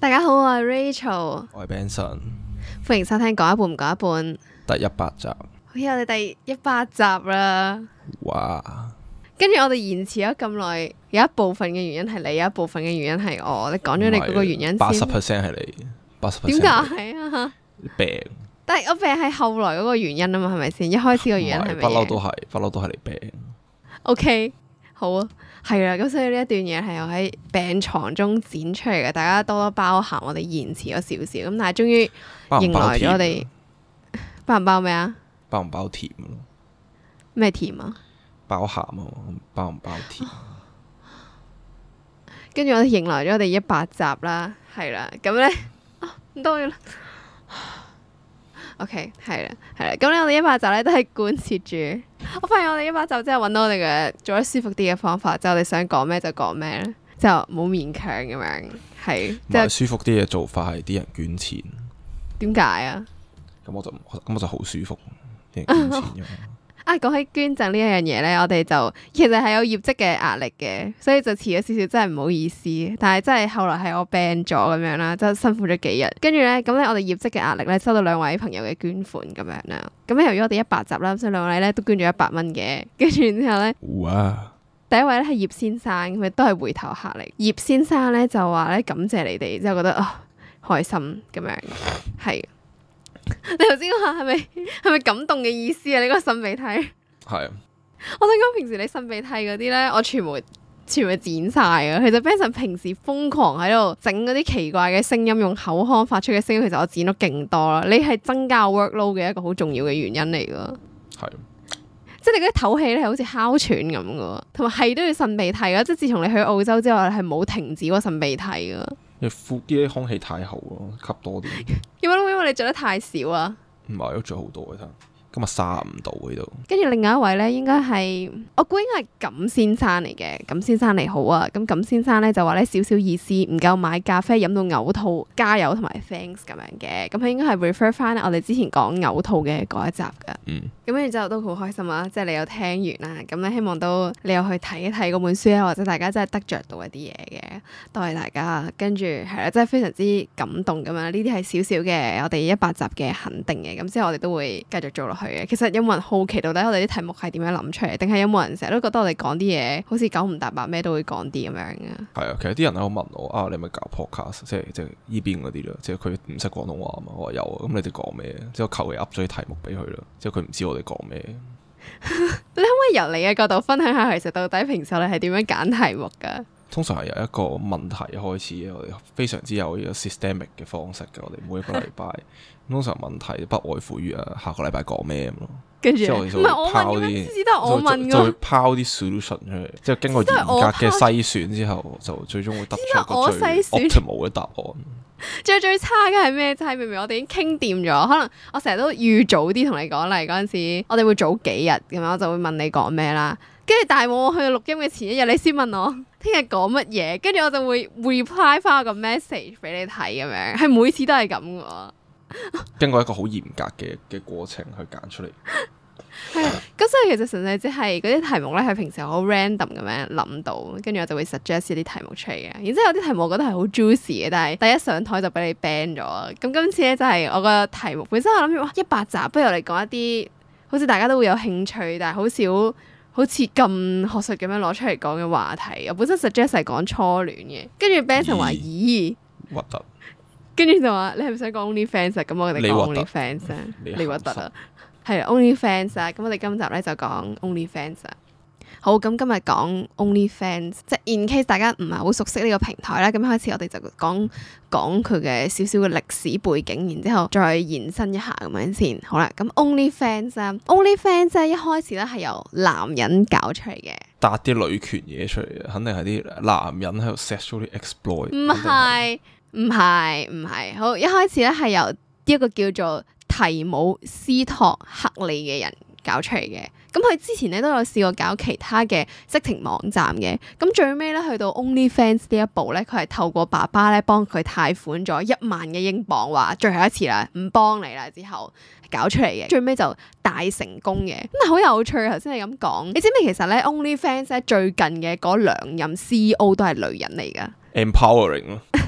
大家好，我係 Rachel，我係 Benson，歡迎收聽講一半唔講一半，得一百集，好似我哋第一百集啦，哇，跟住我哋延遲咗咁耐，有一部分嘅原因係你，有一部分嘅原因係我，你講咗你嗰個原因先，八十 percent 係你，八十 percent 點解啊？病，但係我病係後來嗰個原因啊嘛，係咪先？一開始嘅原因係咪？不嬲都係，不嬲都係你病。OK，好啊。係啦，咁所以呢一段嘢係我喺病床中剪出嚟嘅，大家多多包涵，我哋延遲咗少少，咁但係終於迎來咗我哋。包唔包咩啊？包唔包甜啊？咩甜，甜啊？包鹹啊？包唔包甜？啊、跟住我哋迎來咗我哋一百集啦，係啦，咁咧啊唔多嘢啦。OK，係啦，係啦，咁我哋一百集咧都係貫徹住。我發現我哋一百集之後，揾到我哋嘅做得舒服啲嘅方法，就係、我哋想講咩就講咩，就冇勉強咁樣，係。即、就、係、係、舒服啲嘅做法係啲人捐錢，點解啊？咁我就咁我就好舒服，啲人捐錢。啊哦啊，講起捐贈呢一樣嘢咧，我哋就其實係有業績嘅壓力嘅，所以就遲咗少少，真係唔好意思。但係真係後來係我病咗咁樣啦，真係辛苦咗幾日。跟住咧，咁咧我哋業績嘅壓力咧，收到兩位朋友嘅捐款，咁樣啦。咁咧由於我哋一百集啦，所以兩位咧都捐咗一百蚊嘅。跟住之後咧，哇！第一位咧係葉先生，咁啊都係回頭客嚟。葉先生咧就話咧感謝你哋，之後覺得啊、哦、開心咁樣，係。你頭先講係咪係咪感動嘅意思啊？你個擤鼻涕係啊， 我想講平時你擤鼻涕嗰啲咧，我全部全部剪晒啊。其實 Benson 平時瘋狂喺度整嗰啲奇怪嘅聲音，用口腔發出嘅聲音，其實我剪咗勁多啦。你係增加 workload 嘅一個好重要嘅原因嚟噶，係是，即係你嗰啲唞氣咧，好似哮喘咁噶，同埋係都要擤鼻涕噶。即係自從你去澳洲之後，係冇停止過擤鼻涕噶。你富啲，啲空氣太好咯，吸多啲。因為因為你着得太少啊，唔係、 啊，我着好多啊，睇。咁啊，沙唔到呢度。跟住另外一位咧，應該係我估應係錦先生嚟嘅。錦先生你好啊，咁錦先生咧就話咧少少意思，唔夠買咖啡飲到嘔吐，加油同埋 thanks 咁樣嘅。咁佢應該係 refer 翻我哋之前講嘔吐嘅嗰一集噶。嗯。咁跟住之後都好開心啊！即係你有聽完啦，咁咧希望都你有去睇一睇嗰本書啊，或者大家真係得着到一啲嘢嘅。多謝大家。跟住係啦，真係非常之感動咁樣。呢啲係少少嘅，我哋一百集嘅肯定嘅。咁之後我哋都會繼續做落去。其實有冇人好奇到底我哋啲題目係點樣諗出嚟？定係有冇人成日都覺得我哋講啲嘢好似九唔搭八咩都會講啲咁樣嘅？係啊，其實啲人喺度問我啊，你咪搞 podcast，即係即係呢邊嗰啲咯，即係佢唔識廣東話啊嘛。我話有啊，咁你哋講咩？即係我求其噏咗啲題目俾佢啦，即係佢唔知我哋講咩。 你可唔可以由你嘅角度分享下，其實到底平時你係點樣揀題目噶？通常係由一個問題開始嘅，我哋非常之有 systemic 嘅方式嘅，我哋每一個禮拜。 通常問題不外乎於啊下個禮拜講咩咁咯，跟住唔係我問，只得就我問就，就會拋啲 solution 出嚟，即係經過嚴格嘅篩選之後，就最終會得出個最 optimal 嘅答案。最最差嘅係咩？就係、是、明明我哋已經傾掂咗，可能我成日都預早啲同你講，例如嗰陣時我哋會早幾日咁樣，我就會問你講咩啦。跟住但係我去錄音嘅前一日，你先問我聽日講乜嘢，跟住我就會 reply 翻我個 message 俾你睇，咁樣係每次都係咁噶。 經過一個好嚴格嘅嘅過程去揀出嚟，係啊咁 所以其實純粹只係嗰啲題目咧，係平時好 random 咁樣諗到，跟住我就會 suggest 啲題目出嚟嘅。然之後有啲題目我覺得係好 juicy 嘅，但係第一上台就俾你 ban 咗。咁今次咧就係、是、我個題目本身我諗住哇一百集，不如我哋講一啲好似大家都會有興趣，但係好少，好似咁學術咁樣攞出嚟講嘅話題。我本身 suggest 係講初戀嘅，跟住 ban 成話咦，核突咦。跟住就話，你係咪想講 Only Fans 啊？咁我哋講 Only Fans 啊，你核突啊？係、嗯、 Only Fans 啊？咁我哋今集咧就講 Only Fans 啊。好，咁今日講 Only Fans，即係 In case 大家唔係好熟悉呢個平台啦，咁開始我哋就講講佢嘅少少嘅歷史背景，然之後再延伸一下咁樣先。好啦，咁 Only Fans 啊，Only Fans 即、啊、一開始咧係由男人搞出嚟嘅。搭啲女權嘢出嚟，肯定係啲男人喺度 sexually exploit，唔係。唔係唔係，好一開始咧係由一個叫做提姆斯托克利嘅人搞出嚟嘅。咁佢之前咧都有試過搞其他嘅色情網站嘅。咁最尾咧去到 OnlyFans 呢一步咧，佢係透過爸爸咧幫佢貸款咗一萬嘅英鎊，話最後一次啦，唔幫你啦，之後搞出嚟嘅。最尾就大成功嘅，咁啊好有趣。頭先你咁講，你知唔知其實咧 OnlyFans 咧最近嘅嗰兩任 CEO 都係女人嚟噶，Empowering 咯。Emp ower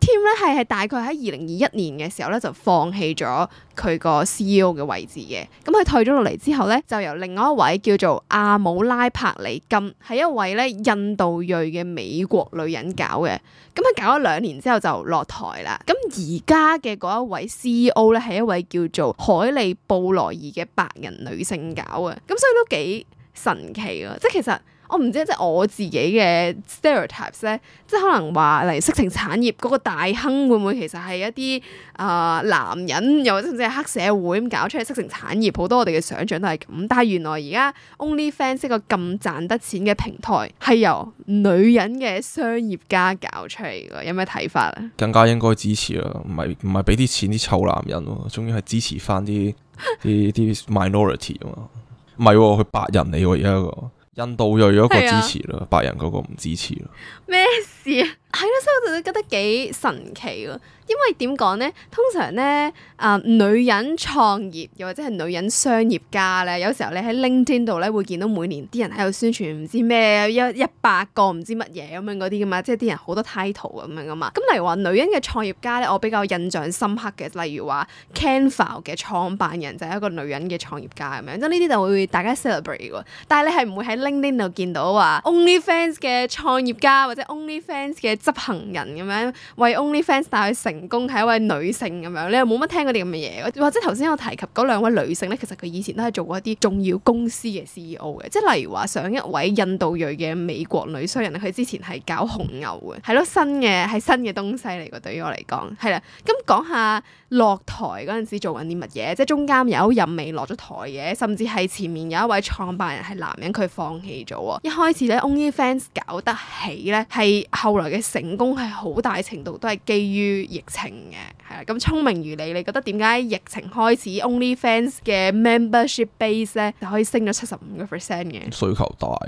Tim 咧係係大概喺二零二一年嘅時候咧就放棄咗佢個 CEO 嘅位置嘅，咁佢退咗落嚟之後咧就由另外一位叫做阿姆拉帕里金，係一位咧印度裔嘅美國女人搞嘅，咁佢搞咗兩年之後就落台啦，咁而家嘅嗰一位 CEO 咧係一位叫做海利布萊爾嘅白人女性搞嘅，咁所以都幾神奇啊，即係其實。我唔知即係我自己嘅 stereotypes 咧，即係可能話嚟色情產業嗰個大亨會唔會其實係一啲啊、呃、男人，又或者甚至係黑社會咁搞出嚟色情產業，好多我哋嘅想象都係咁。但係原來而家 OnlyFans 個咁賺得錢嘅平台係由女人嘅商業家搞出嚟嘅，有咩睇法咧？更加應該支持啊，唔係唔係俾啲錢啲臭男人咯，終於係支持翻啲啲 minority 啊嘛，唔係佢白人嚟喎，而家個。印度裔嗰個支持啦，啊、白人嗰個唔支持啦。咩事？啊？.係囉，所以我就覺得幾神奇喎。因為點講咧？通常咧，啊、呃、女人創業又或者係女人商業家咧，有時候你喺 LinkedIn 度咧會見到每年啲人喺度宣傳唔知咩一一百個唔知乜嘢咁樣嗰啲噶嘛，即係啲人好多 title 咁樣噶嘛。咁例如話女人嘅創業家咧，我比較印象深刻嘅，例如話 Canva 嘅創辦人就係一個女人嘅創業家咁樣，即係呢啲就會大家 celebrate 喎。但係你係唔會喺 LinkedIn 度見到話 OnlyFans 嘅創業家或者 OnlyFans 嘅。執行人咁樣為 OnlyFans 帶去成功係一位女性咁樣，你又冇乜聽過啲咁嘅嘢，或者頭先我提及嗰兩位女性咧，其實佢以前都係做過一啲重要公司嘅 CEO 嘅，即係例如話上一位印度裔嘅美國女商人，佢之前係搞紅牛嘅，係咯新嘅係新嘅東西嚟嘅，對於我嚟講係啦。咁講下落台嗰陣時做緊啲乜嘢，即係中間有一人未落咗台嘅，甚至係前面有一位創辦人係男人，佢放棄咗喎。一開始咧 OnlyFans 搞得起咧，係後來嘅。成功係好大程度都係基於疫情嘅，係啦。咁聰明如你，你覺得點解疫情開始 OnlyFans 嘅 membership base 咧就可以升咗七十五個 percent 嘅？需求大啊，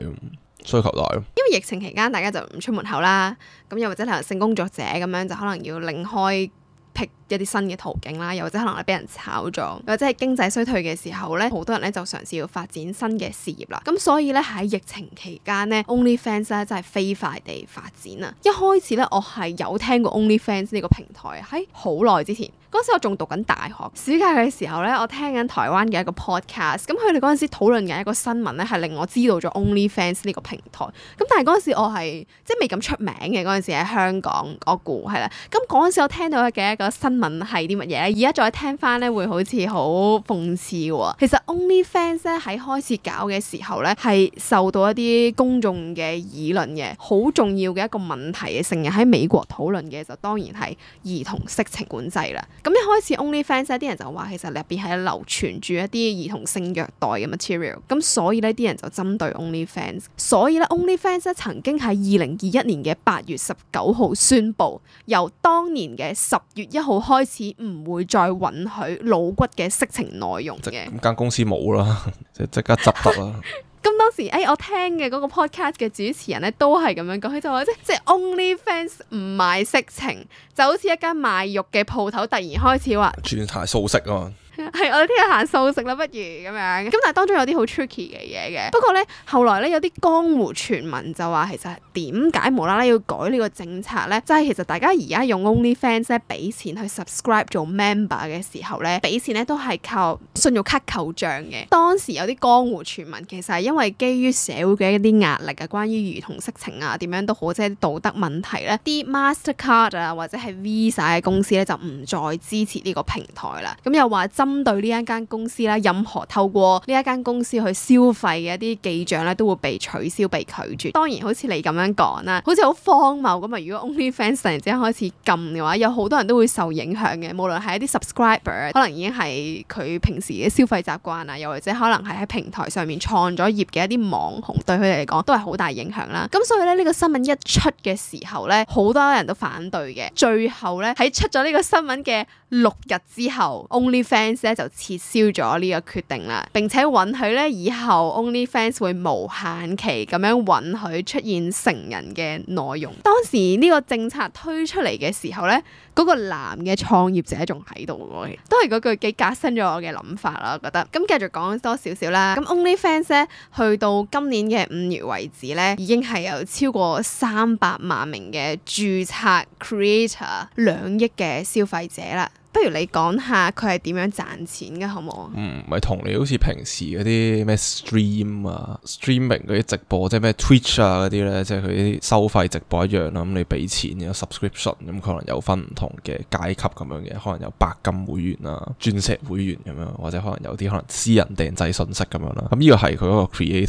需求大咯。因為疫情期間大家就唔出門口啦，咁又或者可能性工作者咁樣就可能要另開闢一啲新嘅途徑啦，又或者可能咧俾人炒咗，又或者係經濟衰退嘅時候咧，好多人咧就嘗試要發展新嘅事業啦。咁所以咧喺疫情期間咧，OnlyFans 咧真係飛快地發展啊！一開始咧我係有聽過 OnlyFans 呢個平台喺好耐之前，嗰時我仲讀緊大學暑假嘅時候咧，我聽緊台灣嘅一個 Podcast，咁佢哋嗰陣時討論緊一個新聞咧，係令我知道咗 OnlyFans 呢個平台。咁但係嗰陣時我係即係未咁出名嘅，嗰陣時喺香港，我估係啦。咁嗰陣時我聽到嘅一個新問係啲乜嘢咧？而家再聽翻咧，會好似好諷刺喎。其實 OnlyFans 咧喺開始搞嘅時候咧，係受到一啲公眾嘅議論嘅，好重要嘅一個問題嘅，成日喺美國討論嘅就當然係兒童色情管制啦。咁一開始 OnlyFans 啲人就話其實入邊係流傳住一啲兒童性虐待嘅 material。咁所以咧，啲人就針對 OnlyFans。所以咧，OnlyFans 咧曾經喺二零二一年嘅八月十九號宣布，由當年嘅十月一號。開始唔會再允許露骨嘅色情內容嘅。間公司冇啦，呵呵即即刻執笠啦。咁 當時，哎，我聽嘅嗰、那個 podcast 嘅主持人咧，都係咁樣講。佢就話即即、就是、OnlyFans 唔賣色情，就好似一間賣肉嘅鋪頭突然開始話轉賣素食啊。係 我聽日行素食啦，不如咁樣。咁但係當中有啲好 tricky 嘅嘢嘅。不過咧，後來咧有啲江湖傳聞就話其實點解無啦啦要改呢個政策咧？就係、是、其實大家而家用 OnlyFans 俾錢去 subscribe 做 member 嘅時候咧，俾錢咧都係靠信用卡扣帳嘅。當時有啲江湖傳聞其實係因為基於社會嘅一啲壓力啊，關於兒童色情啊點樣都好，即係道德問題咧，啲 MasterCard 啊或者係 Visa 嘅公司咧就唔再支持呢個平台啦。咁又話針對呢一間公司啦，任何透過呢一間公司去消費嘅一啲記賬咧，都會被取消、被拒絕，當然，好似你咁樣講啦，好似好荒謬咁啊！如果 OnlyFans 突然之間開始禁嘅話，有好多人都會受影響嘅。無論係一啲 subscriber，可能已經係佢平時嘅消費習慣啊，又或者可能係喺平台上面創咗業嘅一啲網紅，對佢哋嚟講都係好大影響啦。咁所以咧，呢個新聞一出嘅時候咧，好多人都反對嘅。最後咧，喺出咗呢個新聞嘅六日之後 OnlyFans 就撤銷咗呢個決定啦，並且允許咧以後 OnlyFans 會無限期咁樣允許出現成人嘅內容。當時呢個政策推出嚟嘅時候咧，嗰個男嘅創業者仲喺度嘅，都係嗰句幾革新咗我嘅諗法啦。我覺得咁繼續講多少少啦。咁 OnlyFans 咧，去到今年嘅五月為止咧，已經係有超過三百萬名嘅注冊 Creator，兩億嘅消費者啦。不如你講下佢係點樣賺錢嘅好唔好啊？嗯，咪同你好似平時嗰啲咩 stream 啊、streaming 嗰啲直播，即係咩 Twitch 啊嗰啲咧，即係佢啲收費直播一樣啦。咁、嗯、你俾錢有 subscription，咁、嗯、可能有分唔同嘅階級咁樣嘅，可能有白金會員啊、鑽石會員咁樣，或者可能有啲可能私人訂製信息咁樣啦。咁呢個係佢一個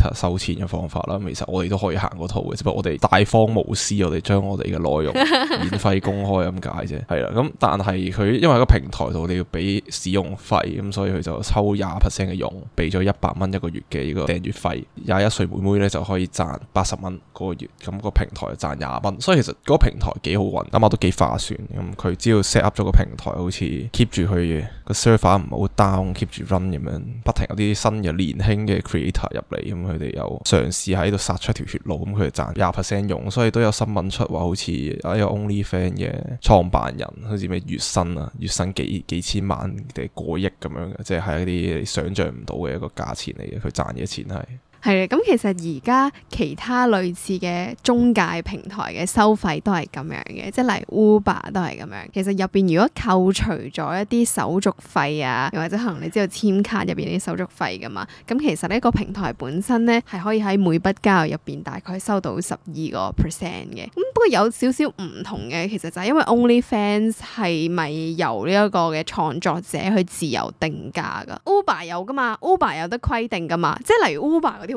creator 收錢嘅方法啦。嗯、其實我哋都可以行嗰套嘅，只不過我哋大方無私，我哋將我哋嘅內容免 費公開咁解啫。係啦，咁、嗯、但係佢因為個平台度你要俾使用費，咁所以佢就抽廿 percent 嘅佣，俾咗一百蚊一個月嘅呢個訂閱費。廿一歲妹妹咧就可以賺八十蚊嗰個月，咁個平台賺廿蚊。所以其實嗰個平台幾好運，諗下都幾划算。咁佢只要 set up 咗個平台，好似 keep 住佢嘅。個 server 唔會 down，keep 住 run 咁樣，不停有啲新嘅年輕嘅 creator 入嚟，咁佢哋又嘗試喺度殺出條血路，咁佢哋賺廿 percent 用，所以都有新聞出話，好似啊，有 OnlyFans 嘅創辦人，好似咩月薪啊，月薪幾幾千萬定係過億咁樣嘅，即係係一啲你想象唔到嘅一個價錢嚟嘅，佢賺嘅錢係。係嘅，咁、嗯、其實而家其他類似嘅中介平台嘅收費都係咁樣嘅，即係例如 Uber 都係咁樣，其實入邊如果扣除咗一啲手續費啊，又或者可能你知道簽卡入邊啲手續費噶嘛，咁其實呢、呢個平台本身咧係可以喺每筆交易入邊大概收到十二個 percent 嘅。咁、嗯、不過有少少唔同嘅，其實就係因為 OnlyFans 係咪由呢一個嘅創作者去自由定價噶？Uber 有㗎嘛？Uber 有得規定㗎嘛？即係例如 Uber 嗰啲。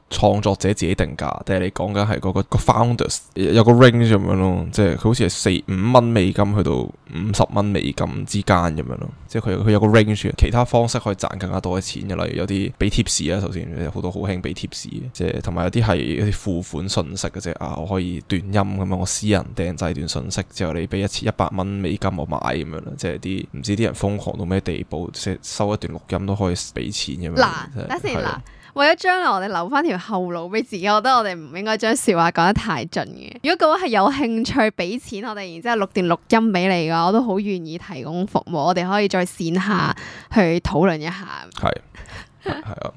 創作者自己定價，定係你講緊係嗰個個 founders 有個 range 咁樣咯，即係佢好似係四五蚊美金去到五十蚊美金之間咁樣咯。即係佢佢有個 range，其他方式可以賺更加多嘅錢嘅，例如有啲俾貼士啊，頭先好多好興俾貼士即係同埋有啲係一啲付款信息嘅啫。啊，我可以斷音咁樣，我私人訂製段信息之後，你俾一次一百蚊美金我買咁樣咯。即係啲唔知啲人瘋狂到咩地步，收收一段錄音都可以俾錢咁樣。嗱啦，等先嗱是。為咗將來我哋留翻條後路俾自己，我覺得我哋唔應該將說話講得太盡嘅。如果各位係有興趣俾錢我哋，然之後錄段錄音俾你嘅，我都好願意提供服務。我哋可以在線下去討論一下。係係啊，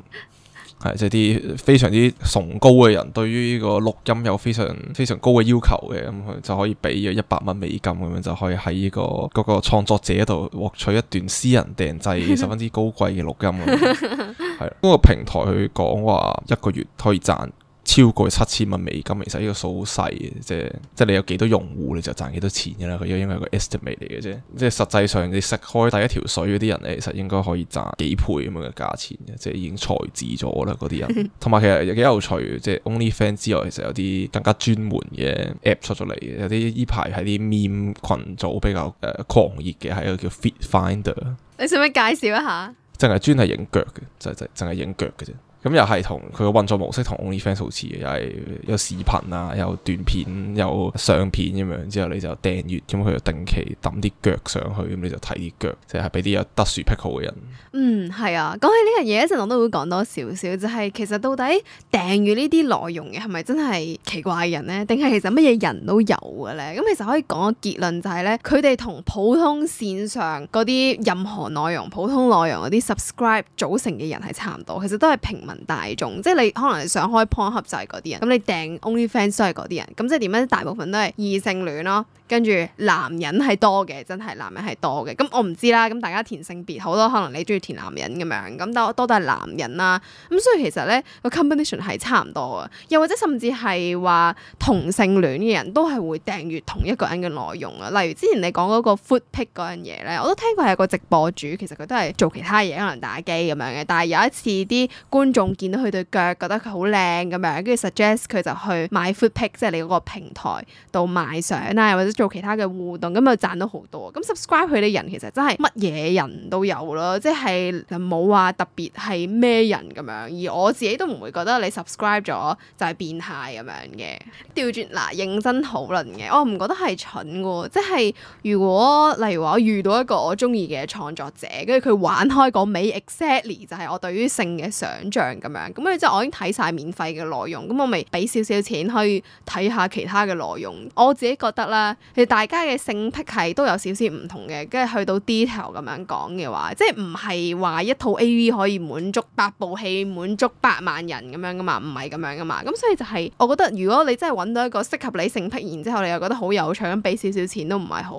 係即係啲非常之崇高嘅人，對於呢個錄音有非常非常高嘅要求嘅，咁佢就可以俾嘅一百蚊美金咁樣，就可以喺呢個嗰個創作者度獲取一段私人訂製十分之高貴嘅錄音。 係嗰個平台去講話一個月可以賺超過七千蚊美金，其實呢個數好細嘅，即係即係你有幾多用戶你就賺幾多錢噶啦。佢因為個 estimate 嚟嘅啫，即係實際上你食開第一條水嗰啲人咧，其實應該可以賺幾倍咁樣嘅價錢嘅，即係已經財智咗啦嗰啲人。同埋 其實又幾有趣，即係 OnlyFans 之外，其實有啲更加專門嘅 app 出咗嚟，有啲呢排喺啲面群組比較誒狂熱嘅，係一個叫 Fit Finder。你想唔想介紹一下？淨係專係影腳嘅，淨係淨係影腳嘅啫。咁又係同佢個運作模式同 OnlyFans 好似嘅，又係有視頻啊，有短片，有相片咁樣。之後你就訂閱，咁佢就定期揼啲腳上去，咁你就睇啲腳，即係俾啲有特殊癖好嘅人。嗯，係啊。講起呢樣嘢，一陣我都會講多少少，就係其實到底訂閱呢啲內容嘅係咪真係奇怪人呢？定係其實乜嘢人都有嘅咧？咁其實可以講個結論就係咧，佢哋同普通線上嗰啲任何內容、普通內容嗰啲 subscribe 組成嘅人係差唔多，其實都係平民。大眾即係你可能你想開 pornhub 就係嗰啲人，咁你訂 OnlyFans 都係嗰啲人，咁即係點樣？大部分都係異性戀咯。跟住男人係多嘅，真係男人係多嘅。咁我唔知啦。咁大家填性別好多可能你中意填男人咁樣，咁但係多都係男人啦。咁所以其實咧個 combination 係差唔多嘅。又或者甚至係話同性戀嘅人都係會訂閱同一個人嘅內容啊。例如之前你講嗰個 footpick 嗰樣嘢咧，我都聽過有個直播主。其實佢都係做其他嘢，可能打機咁樣嘅。但係有一次啲觀眾見到佢對腳覺得佢好靚咁樣，跟住 suggest 佢就去買 footpick，即係你嗰個平台度買相啦，或者。做其他嘅互動，咁咪賺到好多。咁 subscribe 佢哋人其實真係乜嘢人都有咯，即係就冇話特別係咩人咁樣。而我自己都唔會覺得你 subscribe 咗就係變態咁樣嘅。調轉嗱，認真討論嘅，我唔覺得係蠢喎。即係如果例如話我遇到一個我中意嘅創作者，跟住佢玩開個美 exactly 就係我對於性嘅想像咁樣。咁咧之後我已經睇晒免費嘅內容，咁我咪俾少少錢去睇下其他嘅內容。我自己覺得咧。其實大家嘅性癖係都有少少唔同嘅，跟住去到 detail 咁樣講嘅話，即係唔係話一套 AV 可以滿足八部戲滿足百萬人咁樣噶嘛？唔係咁樣噶嘛。咁所以就係、是、我覺得，如果你真係揾到一個適合你性癖，然之後你又覺得好有趣，咁俾少少錢都唔係好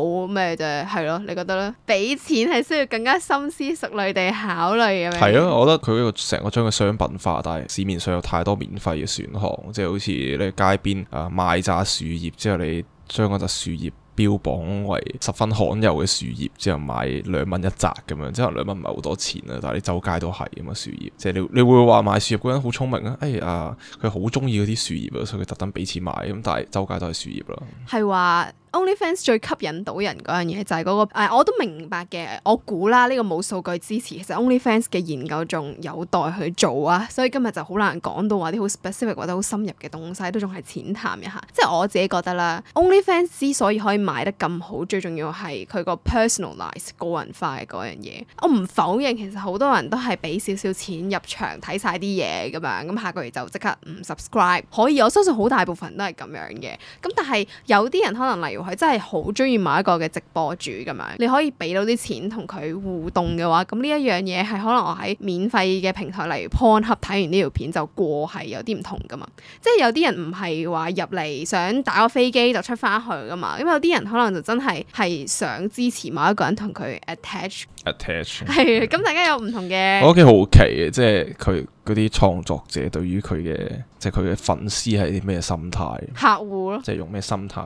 好咩啫，係咯？你覺得咧？俾錢係需要更加深思熟慮地考慮咁樣。係咯，我覺得佢呢個成個將個商品化，但係市面上有太多免費嘅選項，即係好似你街邊啊賣炸樹葉之後你。將嗰隻樹葉標榜為十分罕有嘅樹葉，之後買兩蚊一紮咁樣，即係兩蚊唔係好多錢啊，但係你周街都係咁嘛樹葉，即係你你會話買樹葉嗰人好聰明啊？哎啊，佢好中意嗰啲樹葉啊，所以佢特登俾錢買，咁但係周街都係樹葉咯。係話。OnlyFans 最吸引到人嗰樣嘢就係嗰個誒，我都明白嘅。我估啦，呢個冇數據支持，其實 OnlyFans 嘅研究仲有待去做啊。所以今日就好難講到話啲好 specific 或者好深入嘅東西，都仲係淺談一下。即係我自己覺得啦，OnlyFans 之所以可以賣得咁好，最重要係佢個 personalized 個人化嘅嗰樣嘢。我唔否認，其實好多人都係俾少少錢入場睇晒啲嘢咁樣，咁下個月就即刻唔 subscribe 可以。我相信好大部分都係咁樣嘅。咁但係有啲人可能例如。佢真係好中意某一個嘅直播主咁樣，你可以俾到啲錢同佢互動嘅話，咁呢一樣嘢係可能我喺免費嘅平台，例如 Pornhub 睇完呢條片就過，係有啲唔同噶嘛。即係有啲人唔係話入嚟想打個飛機就出翻去噶嘛，咁有啲人可能就真係係想支持某一個人，同佢 attach attach 係。 咁大家有唔同嘅，我覺得幾好奇嘅，即係佢嗰啲創作者對於佢嘅即係佢嘅粉絲係啲咩心態，客戶咯，即係用咩心態？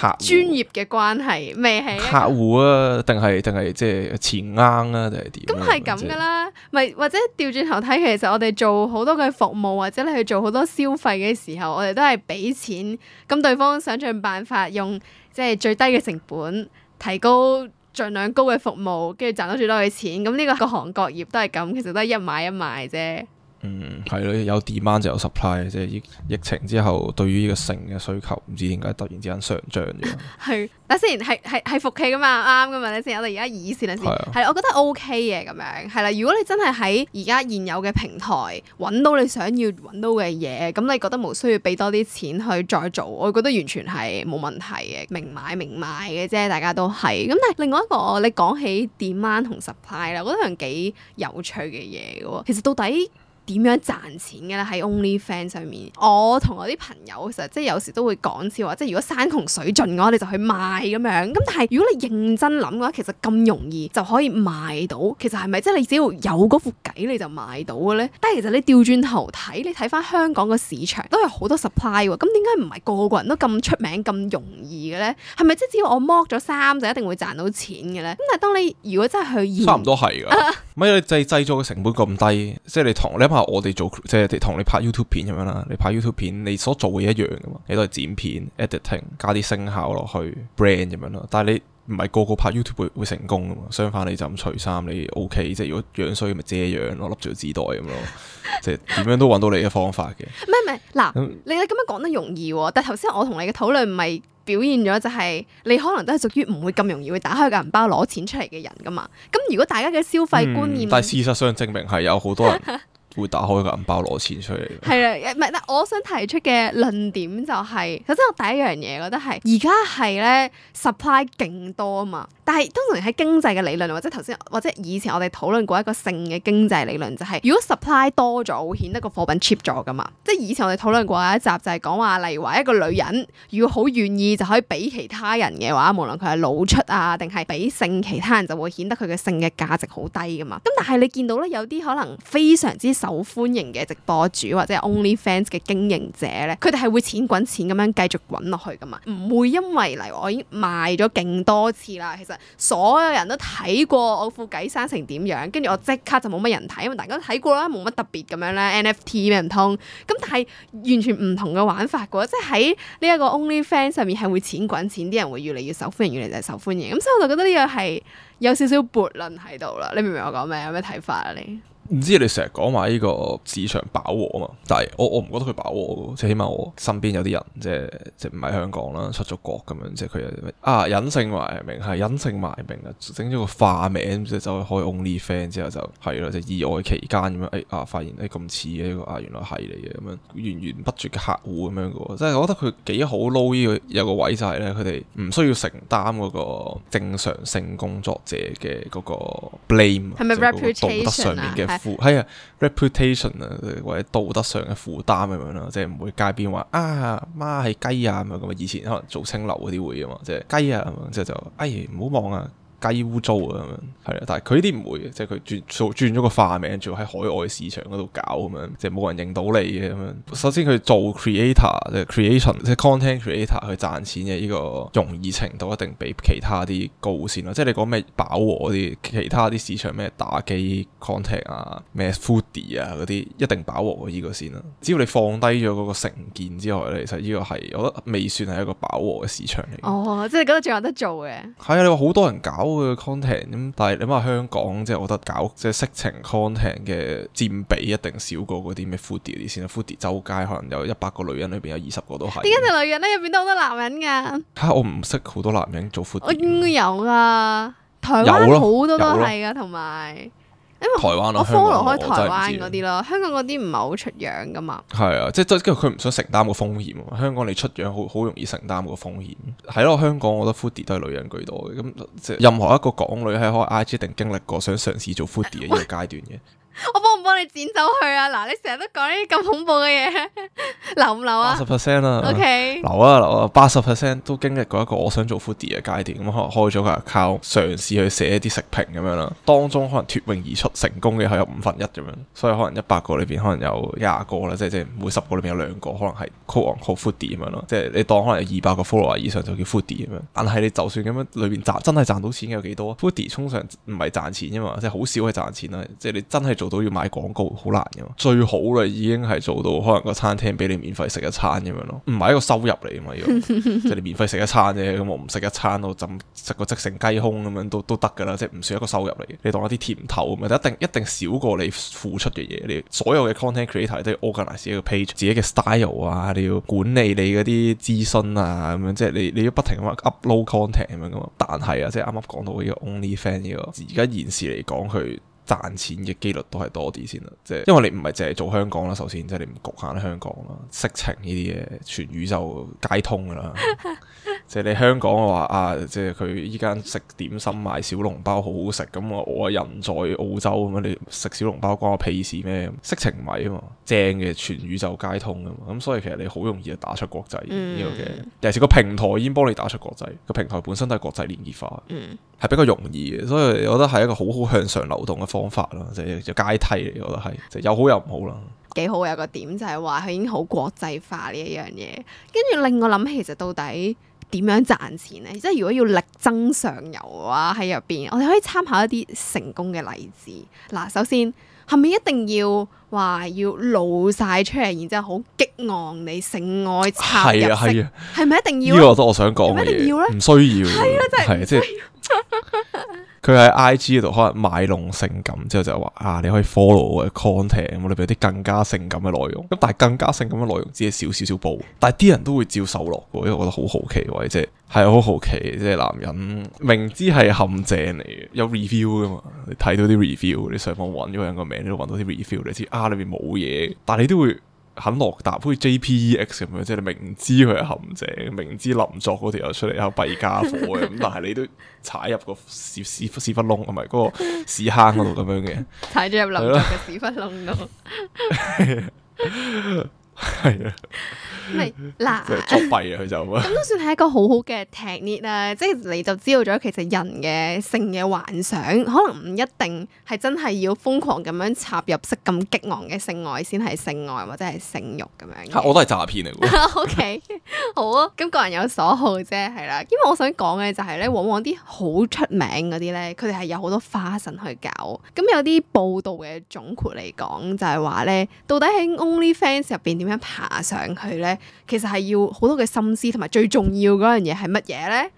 專業嘅關係，咪係客戶啊？定係定係即係錢硬啊？定係點？咁係咁噶啦，咪或者調轉頭睇，其實我哋做好多嘅服務，或者你去做好多消費嘅時候，我哋都係俾錢，咁對方想盡辦法用即係、就是、最低嘅成本，提高盡量高嘅服務，跟住賺到最多嘅錢。咁呢個各行各業都係咁，其實都係一買一賣啫。嗯，係咯，有 demand 就有 supply，即係疫情之後，對於呢個性嘅需求，唔知點解突然之間上漲咗。係， 嗱，雖然係係係服氣噶嘛，啱噶嘛，你先，我哋而家以線啦，先係的，我覺得 OK 嘅，咁樣係啦。如果你真係喺而家現有嘅平台搵到你想要搵到嘅嘢，咁你覺得冇需要俾多啲錢去再做，我覺得完全係冇問題嘅，明買明賣嘅啫，大家都係。咁但係另外一個，你講起 demand 同 supply 啦，我覺得係幾有趣嘅嘢喎。其實到底。點樣賺錢嘅咧？喺 OnlyFans 上面，我同我啲朋友其實即係有時都會講，即係話即係如果山窮水盡嘅話，我你就去賣咁樣。咁但係如果你認真諗嘅話，其實咁容易就可以賣到，其實係咪即係你只要有嗰副計你就賣到嘅咧？但係其實你掉轉頭睇，你睇翻香港嘅市場都有好多 supply 喎。咁點解唔係個個人都咁出名咁容易嘅咧？係咪即係只要我剝咗衫就一定會賺到錢嘅咧？咁但係當你如果真係去驗，差唔多係㗎。唔 你製製作嘅成本咁低，即係你同你啊、我哋做即係同你拍 YouTube 片咁樣啦，你拍 YouTube 片，你所做嘅一樣噶嘛，你都係剪片、editing、加啲聲效落去、brand 咁樣咯。但係你唔係個個拍 YouTube 會,會成功噶嘛？相反你，你就咁除衫，你 OK，即係如果樣衰，咪遮樣咯，笠住個紙袋咁咯，即係點樣都揾到你嘅方法嘅。唔係唔係，嗱，你你咁樣講得容易，但係頭先我同你嘅討論唔係表現咗，就係你可能都係屬於唔會咁容易會打開個銀包攞錢出嚟嘅人噶嘛。咁如果大家嘅消費觀念，但係事實上證明係有好多人。 會打開個銀包攞錢出嚟。 係啦，唔係，但我想提出嘅論點就係、是，首先我第一樣嘢覺得係，而家係咧 supply 勁多啊嘛。但係通常喺經濟嘅理論，或者頭先或者以前我哋討論過一個性嘅經濟理論，就係如果 supply 多咗，會顯得個貨品 cheap 咗噶嘛。即係以前我哋討論過一集，就係講話例如話一個女人，如果好願意就可以俾其他人嘅話，無論佢係露出啊定係俾性其他人，就會顯得佢嘅性嘅價值好低噶嘛。咁但係你見到咧，有啲可能非常之受歡迎嘅直播主或者 OnlyFans 嘅經營者咧，佢哋係會錢滾錢咁樣繼續滾落去噶嘛，唔會因為例如我已經賣咗勁多次啦，其實。所有人都睇過我副偈生成點樣，跟住我即刻就冇乜人睇，因為大家都睇過啦，冇乜特別咁樣啦。NFT 咩唔通？咁但係完全唔同嘅玩法嘅，即係喺呢一個 OnlyFans 上面係會錢滾錢，啲人會越嚟越受歡迎，越嚟就係受歡迎。咁、嗯、所以我就覺得呢樣係有少少悖論喺度啦。你明唔明我講咩？有咩睇法啊？你？唔知你成日講埋呢個市場飽和啊嘛，但係我我唔覺得佢飽和喎，即係起碼我身邊有啲人即係即係唔喺香港啦，出咗國咁樣，即係佢啊隱姓埋名係隱姓埋名啊，整咗個化名，即係走去開 OnlyFans 之後就係咯，即係、就是、意外期間咁樣，哎啊發現哎咁似嘅呢個啊，原來係你嘅咁樣源源不絕嘅客戶咁樣嘅喎，即、就、係、是、我覺得佢幾好撈呢個有個位就係咧，佢哋唔需要承擔嗰個正常性工作者嘅嗰個 blame，係咪個道德上面嘅。負係啊，reputation 啊，或者道德上嘅負擔咁樣咯，即係唔會街邊話啊，媽係雞啊咁啊！以前可能做青樓嗰啲會啊嘛，即係雞啊，即係就哎唔好望啊！雞污糟啊咁樣，係啊，但係佢呢啲唔會嘅，即係佢轉做轉咗個化名，仲要喺海外市場嗰度搞咁樣，即係冇人認到你嘅咁樣。首先佢做 creator, creation, creator 即係 creation 即係 content creator 去賺錢嘅呢個容易程度一定比其他啲高先咯。即係你講咩飽和嗰啲，其他啲市場咩打機 content 啊，咩 foodie 啊嗰啲，一定飽和過呢個先咯。只要你放低咗嗰個成見之外咧，其實呢個係我覺得未算係一個飽和嘅市場嚟。哦，即你覺得仲有得做嘅。係啊，你話好多人搞。嘅 content 咁，但係你話香港即係我覺得搞即係色情 content 嘅佔比一定少過嗰啲咩 foodie 啲先啦 foodie 周街可能有一百個女人裏邊有二十個都係。點解你女人咧？入邊都好多男人㗎？嚇！我唔識好多男人做 foodie。我應該有㗎，台灣好了多都係㗎，同埋了。因為台灣、啊、我 follow 開台灣嗰啲咯，香港嗰啲唔係好出樣㗎嘛。係啊，即係即係佢唔想承擔個風險啊！香港你出樣好好容易承擔個風險，係咯、啊？香港我覺得 foodie 都係女人居多嘅，咁即係任何一個港女喺開 IG 一定經歷過想嘗試做 foodie 嘅呢個階段嘅。我幫唔幫你剪走去啊？嗱，你成日都講呢啲咁恐怖嘅嘢， 留唔留啊？八十 percent 啦，OK，留啊留啊，八十 percent 都經歷過一個我想做 foodie 嘅階段，咁可能開咗個，靠嘗試去寫啲食評咁樣啦，當中可能脫穎而出成功嘅係有五分一咁樣，所以可能一百個裏邊可能有廿個啦，即係即係每十個裏邊有兩個可能係 cool on cool foodie 咁樣咯，即係你當可能有二百個 follower 以上就叫 foodie 咁樣，但係你就算咁樣裏邊賺真係賺到錢嘅有幾多？foodie 通常唔係賺錢噶嘛，即係好少係賺錢啦，即係你真係做。做到要買廣告好難嘅，最好啦已經係做到可能個餐廳俾你免費食一餐咁樣咯，唔係一個收入嚟啊嘛，要即係你免費食一餐啫，咁我唔食一餐，我浸食個即食雞胸咁樣都都得㗎啦，即係唔算一個收入嚟。你當一啲甜頭啊嘛，但一定一定少過你付出嘅嘢。你所有嘅 content creator 都要 organise 自己嘅 page，自己嘅 style 啊，你要管理你嗰啲諮詢啊咁樣，即係你你要不停咁樣 upload content 咁樣㗎嘛。但係啊，即係啱啱講到呢個 only fan 呢個，而家現時嚟講佢。賺錢嘅機率都係多啲先啦，即係因為你唔係淨係做香港啦，首先即係你唔局限香港啦，色情呢啲嘢全宇宙皆通噶啦。即係 你香港嘅話啊，即係佢依間食點心賣小籠包好好食，咁我我人在澳洲咁啊，你食小籠包關我屁事咩？色情咪啊嘛，正嘅全宇宙皆通噶嘛，咁所以其實你好容易就打出國際呢、嗯呢個嘅，尤其是個平台已經幫你打出國際，個平台本身都係國際連結化，嗯，係比較容易嘅，所以我覺得係一個好好向上流動嘅方法咯，就就階梯嚟，我覺得係，就有好又唔好啦。幾好有個點就係話佢已經好國際化呢一樣嘢，跟住令我諗起，其實到底點樣賺錢呢？即係如果要力爭上游嘅話，喺入邊，我哋可以參考一啲成功嘅例子。嗱，首先係咪一定要話要露晒出嚟，然之後好激昂，你性愛插入？係啊係啊，係咪、啊、一定要呢？呢個都我想講嘅嘢，唔需要，係啊，即、就、係、是。 佢喺 IG 度可能賣弄性感，之後就話啊，你可以 follow 我嘅 content，我裏邊有啲更加性感嘅內容。咁但係更加性感嘅內容只係少少少部，但係啲人都會照手落嘅，因為我覺得好好奇喎，即係係好好奇，即係男人明知係陷阱嚟嘅，有 review 噶嘛？你睇到啲 review，你上網揾咗個人個名，你都揾到啲 review，你知啊，裏邊冇嘢，但係你都會，肯落答，好似 JPEX 咁樣，即係你明知佢係陷阱，明知林作嗰條友出嚟，有弊家伙嘅，咁但係你都踩入個屎屎屎忽窿，唔係嗰個屎坑嗰度咁樣嘅，踩咗 入林作嘅屎忽窿度。 係啊，唔係嗱，作弊啊佢就咁都算係一個好好嘅 technique 啦，即係你就知道咗其實人嘅性嘅幻想，可能唔一定係真係要瘋狂咁樣插入式咁激昂嘅性愛先係性愛或者係性欲咁樣、啊。我都係詐騙嚟。 o、okay, K，好啊，咁、那個人有所好啫，係啦。因為我想講嘅就係咧，往往啲好出名嗰啲咧，佢哋係有好多花生去搞。咁有啲報道嘅總括嚟講，就係話咧，到底喺 OnlyFans 入邊點？咁樣爬上去咧，其實係要好多嘅心思，同埋最重要嗰樣嘢係乜嘢咧？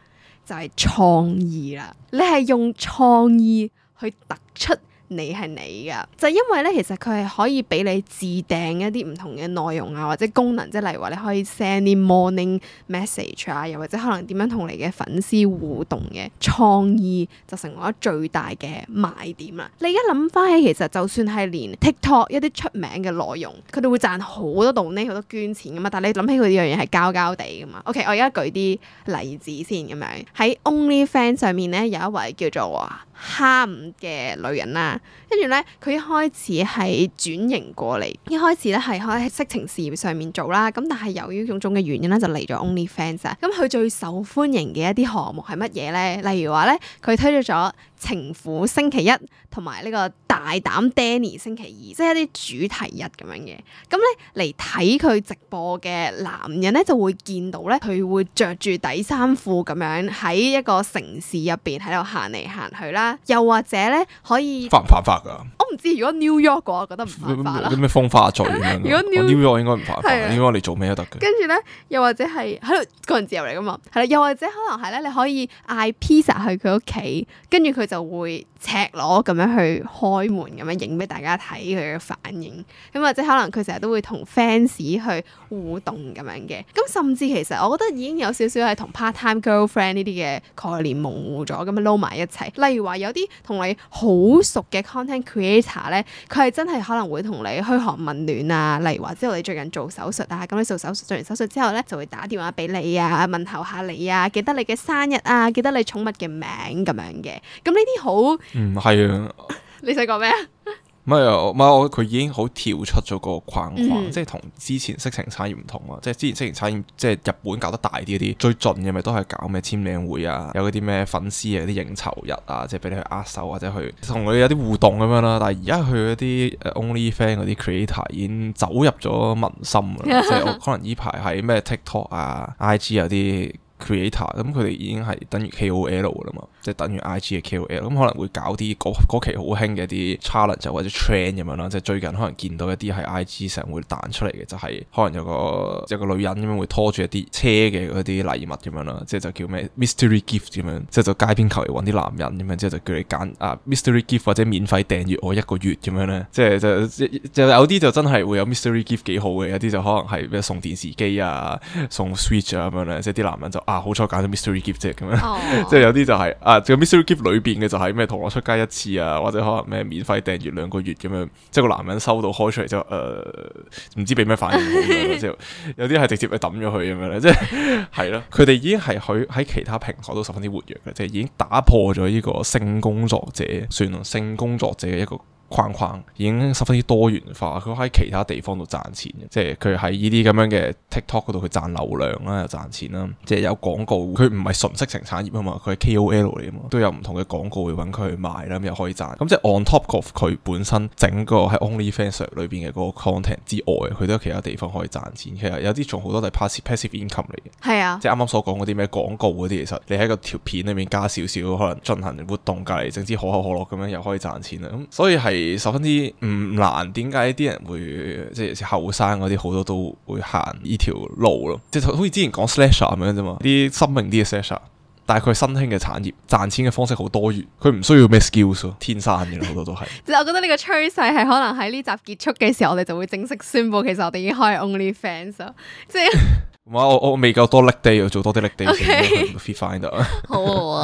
就係創意啦！你係用創意去突出。你係你㗎，就因為咧，其實佢係可以俾你自訂一啲唔同嘅內容啊，或者功能，即係例如話你可以 send 啲 morning message 啊，又或者可能點樣同你嘅粉絲互動嘅創意，就成為咗最大嘅賣點啦。你而家諗翻起，其實就算係連 TikTok 一啲出名嘅內容，佢哋會賺好多 donate 好多捐錢噶嘛，但係你諗起佢呢樣嘢係膠膠地噶嘛。OK，我而家舉啲例子先咁樣，喺 OnlyFans 上面咧有一位叫做哈姆嘅女人啦、啊。跟住咧，佢一開始係轉型過嚟，一開始咧係喺色情事業上面做啦。咁但係由於種種嘅原因咧，就嚟咗 OnlyFans 啊。咁佢最受歡迎嘅一啲項目係乜嘢咧？例如話咧，佢推出咗情婦星期一，同埋呢個大膽 Danny 星期二，即係一啲主題日咁樣嘅。咁咧嚟睇佢直播嘅男人咧，就會見到咧佢會着住底衫褲咁樣喺一個城市入邊喺度行嚟行去啦。又或者咧可以，犯唔犯法噶？我唔知如果 New York 嘅話，我覺得唔犯法。啲咩風化罪咁樣？如果 New York 應該唔犯法，應該我哋做咩都得嘅。跟住咧，又或者係喺度個人自由嚟噶嘛？係啦，又或者可能係咧，你可以嗌 p 披薩去佢屋企，跟住佢。就會。赤裸咁樣去開門咁樣影俾大家睇佢嘅反應，咁或者可能佢成日都會同 fans 去互動咁樣嘅，咁甚至其實我覺得已經有少少係同 part-time girlfriend 呢啲嘅概念模糊咗，咁樣撈埋一齊。例如話有啲同你好熟嘅 content creator 咧，佢係真係可能會同你噓寒問暖啊，例如話知道你最近做手術啊，咁你做手術做完手術之後咧，就會打電話俾你啊，問候下你啊，記得你嘅生日啊，記得你寵物嘅名咁樣嘅，咁呢啲好。唔係啊！ 你想講咩啊？唔係啊，唔係我佢已經好跳出咗個框框，mm hmm. 即係同之前色情產業唔同啊。即係之前色情產業，即係日本搞得大啲嗰啲最盡嘅咪都係搞咩簽名會啊，有嗰啲咩粉絲啊啲應酬日啊，即係俾你去握手或者去同佢有啲互動咁樣啦，啊。但係而家去嗰啲 OnlyFans 嗰啲 creator 已經走入咗民心啊， 即係我可能呢排喺咩 TikTok 啊，IG 有啲。creator 咁佢哋已經係等於 KOL 噶啦嘛，即係等於 IG 嘅 KOL 咁、嗯、可能會搞啲嗰期好興嘅一啲 challenge 或者 trend 咁樣啦，即係最近可能見到一啲係 IG 成日會彈出嚟嘅，就係、是、可能有個有個女人咁樣會拖住一啲車嘅嗰啲禮物咁樣啦，即係就叫咩 mystery gift 咁樣，即係就，就街邊求嚟揾啲男人咁樣，即係就叫你揀啊 mystery gift 或者免費訂閲我一個月咁樣咧，即係就，就，就，就有啲就真係會有 mystery gift 幾好嘅，有啲就可能係咩送電視機啊、送 switch 啊咁樣咧，即係啲男人就。啊！好彩揀咗 Mystery Gift 啫咁樣，哦、即係有啲就係、是、啊，個 Mystery Gift 裏邊嘅就係咩同我出街一次啊，或者可能咩免費訂閱兩個月咁樣，即係個男人收到開出嚟之後誒，唔、呃、知俾咩反應咁 樣，之後有啲係直接去抌咗佢咁樣咧，即係係咯，佢哋 已經係去喺其他平台都十分之活躍嘅，即係已經打破咗呢個性工作者算性工作者嘅一個。框框已經十分之多元化，佢喺其他地方度賺錢嘅，即係佢喺呢啲咁樣嘅 TikTok 度去賺流量啦，又賺錢啦，即係有廣告，佢唔係純色情產業啊嘛，佢係 KOL 嚟啊嘛，都有唔同嘅廣告會揾佢去賣啦，咁、嗯、又可以賺。咁、嗯、即係 on top of 佢本身整個喺 Only Fans 裏邊嘅嗰個 content 之外，佢都有其他地方可以賺錢。其實有啲仲好多都係 passive income 嚟嘅，係啊，即係啱啱所講嗰啲咩廣告嗰啲，其實你喺個條片裏面加少少，可能進行活動隔離，整支可口可樂咁樣又可以賺錢啊，咁、嗯、所以係。十分之唔難，點解啲人會即係後生嗰啲好多都會行呢條路咯？即係好似之前講 slasher 咁樣啫嘛，啲新穎啲嘅 slasher 但係佢新興嘅產業，賺錢嘅方式好多餘，佢唔需要咩 skills 咯，天生嘅好多都係。 即係我覺得呢個趨勢係可能喺呢集結束嘅時候，我哋就會正式宣布，其實我哋已經開 OnlyFans 啦，即係。 唔啊，我我未夠多力地，i 我做多啲力地先，free finder 好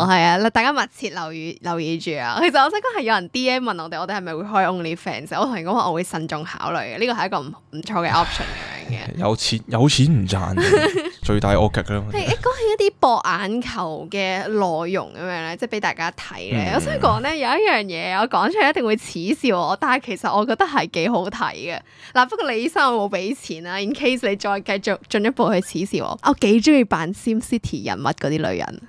係啊，啊，大家密切留意留意住啊。其實我想講係有人 D M 問我哋，我哋係咪會開 only fans？我同你講話，我會慎重考慮嘅。呢、這個係一個唔唔錯嘅 option。 有錢有錢唔賺， 最大惡極啦。係講起一啲博眼球嘅內容咁樣咧，即係俾大家睇咧。嗯、我想講咧有一樣嘢，我講出嚟一定會恥笑我，但係其實我覺得係幾好睇嘅。嗱，不過李醫生我冇俾錢啊 in case 你再繼續進一步去恥笑我，我幾中意扮 Sim City 人物嗰啲女人。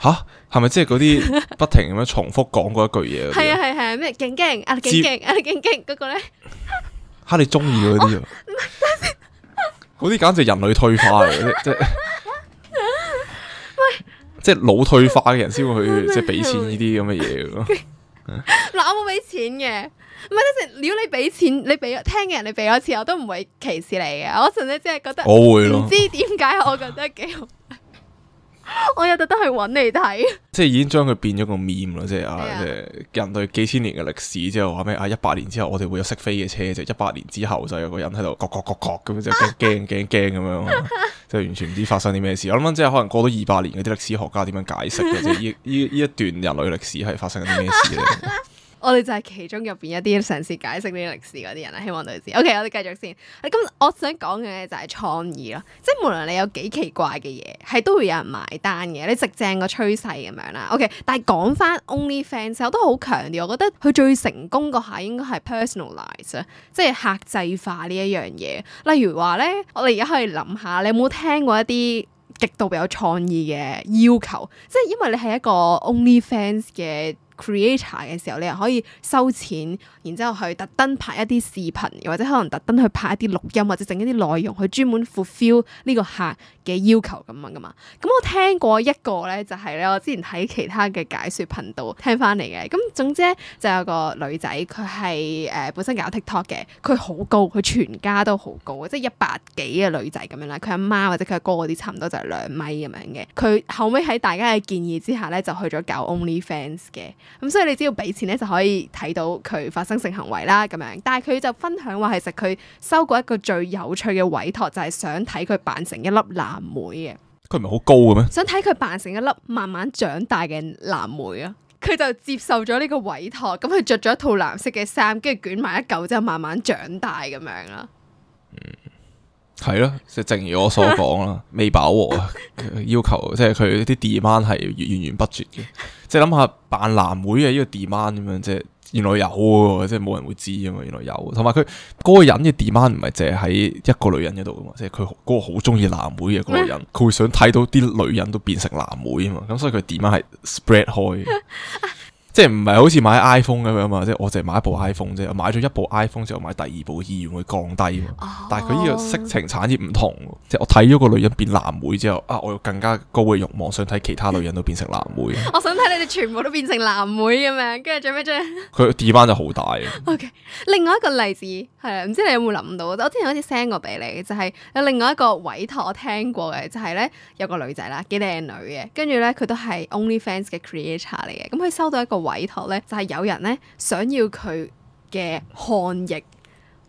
吓、啊，係咪即係嗰啲不停咁樣重複講嗰一句嘢？係 啊係係咩？勁勁啊勁勁啊勁勁嗰個咧。 吓，你中意嗰啲啊？嗰啲、哦，簡直人類退化嚟嘅，哎、即係、哎、即係腦退化嘅人先會去、哎、即係俾錢呢啲咁嘅嘢。嗱，我冇俾錢嘅，唔係，即係如果你俾錢，你俾聽嘅人你俾一次，我都唔會歧視你嘅。我純粹真係覺得，我會唔知點解我覺得幾好。我又特登去揾你睇，即係已經將佢變咗個 mem 咯，即係 Yeah.、啊、人類幾千年嘅歷史，即係話咩啊？一百年之後，我哋會有識飛嘅車，就一百年之後就有個人喺度，咵咵咵咵咁樣，即係驚驚驚驚咁樣，即係完全唔知發生啲咩事。我諗諗，即係可能過咗二百年，嗰啲歷史學家點樣解釋嘅？即係呢依一段人類歷史係發生緊啲咩事咧？ 我哋就係其中入邊一啲嘗試解釋呢啲歷史嗰啲人啦，希望對住。OK，我哋繼續先。咁、嗯、我想講嘅就係創意咯，即係無論你有幾奇怪嘅嘢，係都會有人埋單嘅。你直正個趨勢咁樣啦。OK，但係講翻 OnlyFans，我都好強調，我覺得佢最成功個下應該係 personalize，即係客製化呢一樣嘢。例如話咧，我哋而家可以諗下，你有冇聽過一啲極度比較創意嘅要求？即係因為你係一個 OnlyFans 嘅。creator 嘅時候，你又可以收錢，然之後去特登拍一啲視頻，或者可能特登去拍一啲錄音，或者整一啲內容去專門 fulfill 呢個客嘅要求咁樣噶嘛？咁我聽過一個咧，就係咧，我之前喺其他嘅解說頻道聽翻嚟嘅。咁總之咧，就有個女仔，佢係誒本身搞 TikTok 嘅，佢好高，佢全家都好高，即係一百幾嘅女仔咁樣啦。佢阿媽或者佢阿哥嗰啲差唔多就係兩米咁樣嘅。佢後尾喺大家嘅建議之下咧，就去咗搞 OnlyFans 嘅。咁所以你只要俾錢咧，就可以睇到佢發生性行為啦咁樣，但係佢就分享話其實佢收過一個最有趣嘅委託，就係想睇佢扮成一粒藍莓嘅。佢唔係好高嘅咩？想睇佢扮成一粒慢慢長大嘅藍莓啊！佢就接受咗呢個委託，咁佢著咗一套藍色嘅衫，跟住捲埋一嚿之後慢慢長大咁樣啦。係咯，即係正如我所講啦，未飽和，要求即係佢啲 demand 係源源不絕嘅。即係諗下扮藍妹嘅呢個 demand 咁樣，即係原來有嘅，即係冇人會知啊嘛。原來有，同埋佢嗰個人嘅 demand 唔係淨係喺一個女人嗰度噶嘛，即係佢嗰個好中意藍妹嘅嗰個人，佢麼會想睇到啲女人都變成藍妹啊嘛。咁所以佢 demand 係 spread 開。即係唔係好似買 iPhone 咁樣嘛？即係我淨係買一部 iPhone 啫，買咗一部 iPhone 之後買第二部嘅意願會降低。哦、但係佢呢個色情產業唔同，即係我睇咗個女人變藍莓之後，啊，我有更加高嘅欲望，想睇其他女人都變成藍莓。我想睇你哋全部都變成藍莓咁樣，跟住做咩啫。佢個 demand 就好大。OK，另外一個例子係唔知你有冇諗到？我之前好似 send 過俾你，嘅，就係、是、有另外一個委託我聽過嘅，就係、是、咧有個女仔啦，幾靚女嘅，跟住咧佢都係 OnlyFans 嘅 creator 嚟嘅，咁佢收到一個。委託咧，就係有人咧想要佢嘅汗液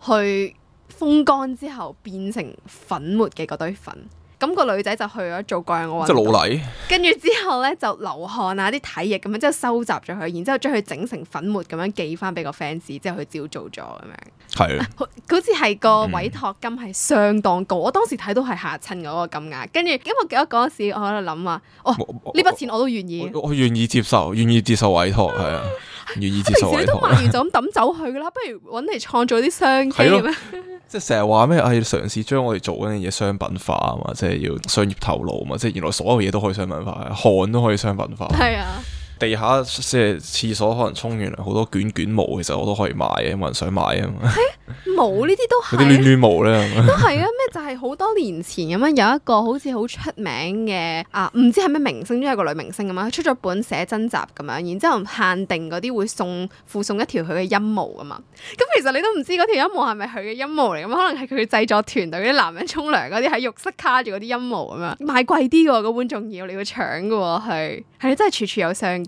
去風乾之後變成粉末嘅嗰堆粉。咁個女仔就去咗做個樣喎，即係老禮，跟住之後咧就流汗啊啲體液咁樣，之後收集咗佢，然之後將佢整成粉末咁樣寄翻俾個 fans，之後佢照做咗咁樣。係的、啊、好似係個委託金係相當高，嗯、我當時睇到係嚇親我嗰個金額。跟住因為我記得嗰時我喺度諗話，哦，呢筆錢我都願意，我願意接受，願意接受委託係啊。 願意接受你，己都埋完就咁抌走去噶啦，不如揾嚟創造啲商機的 即係成日話咩？要嘗試將我哋做嗰啲嘢商品化啊嘛，即係要商業頭腦啊嘛，即係原來所有嘢都可以商品化，汗都可以商品化，係啊。地下即係廁所，可能沖完好多捲捲毛，其實我都可以賣嘅，冇人想買啊嘛。欸、亂亂毛呢啲 都係、啊，啲亂亂毛咧，都係啊咩？就係好多年前咁樣，有一個好似好出名嘅，啊，唔知係咩明星，都係個女明星咁樣，出咗本寫真集咁樣，然之後限定嗰啲會送附送一條佢嘅陰毛噶嘛。咁其實你都唔知嗰條陰毛係咪佢嘅陰毛嚟噶嘛？可能係佢製作團隊啲男人沖涼嗰啲喺浴室卡住嗰啲陰毛咁樣，賣貴啲嘅嗰本仲要，你要搶嘅喎，係係真係處處有相。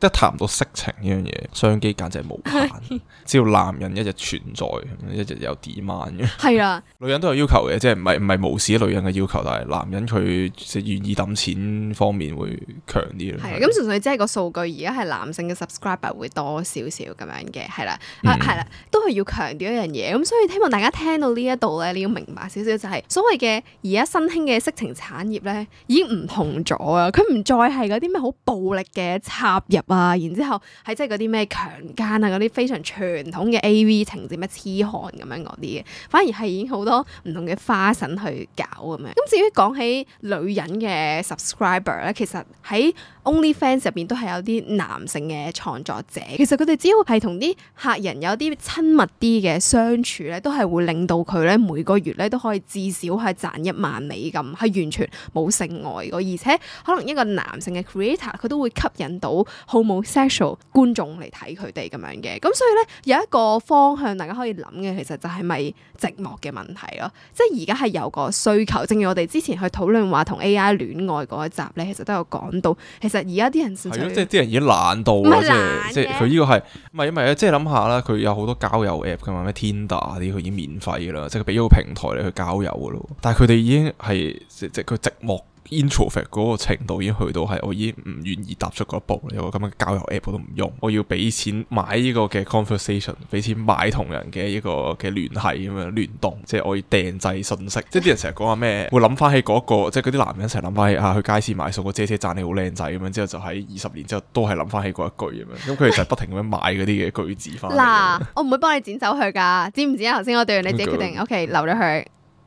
即係談到色情呢樣嘢，商機簡直係無限。 只要男人一直存在，一直有 demand 嘅，係啊。女人都有要求嘅，即係唔係唔係無視女人嘅要求，但係男人佢即係願意抌錢方面會強啲。係咁純粹即係個數據，而家係男性嘅 subscriber 會多少少咁樣嘅，係啦，係啦，都係要強調一樣嘢。咁所以希望大家聽到呢一度咧，你要明白少少就係、是、所謂嘅而家新興嘅色情產業咧，已經唔同咗啊！佢唔再係嗰啲咩好暴力嘅插入。哇！然之後係即係啲咩強姦啊，啲非常傳統嘅 A.V. 情節咩痴漢咁樣啲嘅，反而係已經好多唔同嘅花臣去搞咁樣。咁至於講起女人嘅 subscriber 咧，其實喺 OnlyFans 入邊都係有啲男性嘅創作者。其實佢哋只要係同啲客人有啲親密啲嘅相處咧，都係會令到佢咧每個月咧都可以至少係賺一萬美金，係完全冇性愛嘅。而且可能一個男性嘅 creator 佢都會吸引到好。冇 sexual 觀眾嚟睇佢哋咁樣嘅，咁所以咧，有一個方向大家可以諗嘅，其實就係咪寂寞嘅問題咯。即係而家係有個需求，正如我哋之前去討論話同 AI 戀愛嗰一集咧，其實都有講到，其實而家啲人即係啲人已經懶到懶即不不不，即係即係佢呢個係唔係因為即係諗下啦，佢有好多交友 app 噶嘛，咩 Tinder 啲佢已經免費噶啦，即係佢俾咗個平台嚟去交友噶咯，但係佢哋已經係即係佢寂寞。Introvert 嗰個程度已經去到係，我已經唔願意踏出嗰步。有個咁樣交友 app 我都唔用，我要俾錢買呢個嘅 conversation，俾錢買同人嘅呢個嘅聯繫咁樣聯動，即係我要訂製信息。即係啲人成日講話咩，會諗翻起嗰個，即係嗰啲男人成日諗翻起啊，去街市買餸個姐姐讚你好靚仔咁樣，之後就喺二十年之後都係諗翻起嗰一句咁樣。咁佢哋就不停咁樣買嗰啲嘅句子翻嚟。嗱 我唔會幫你剪走佢噶，知唔知啊？頭先我對你，你自己決定 okay.，OK，留咗佢。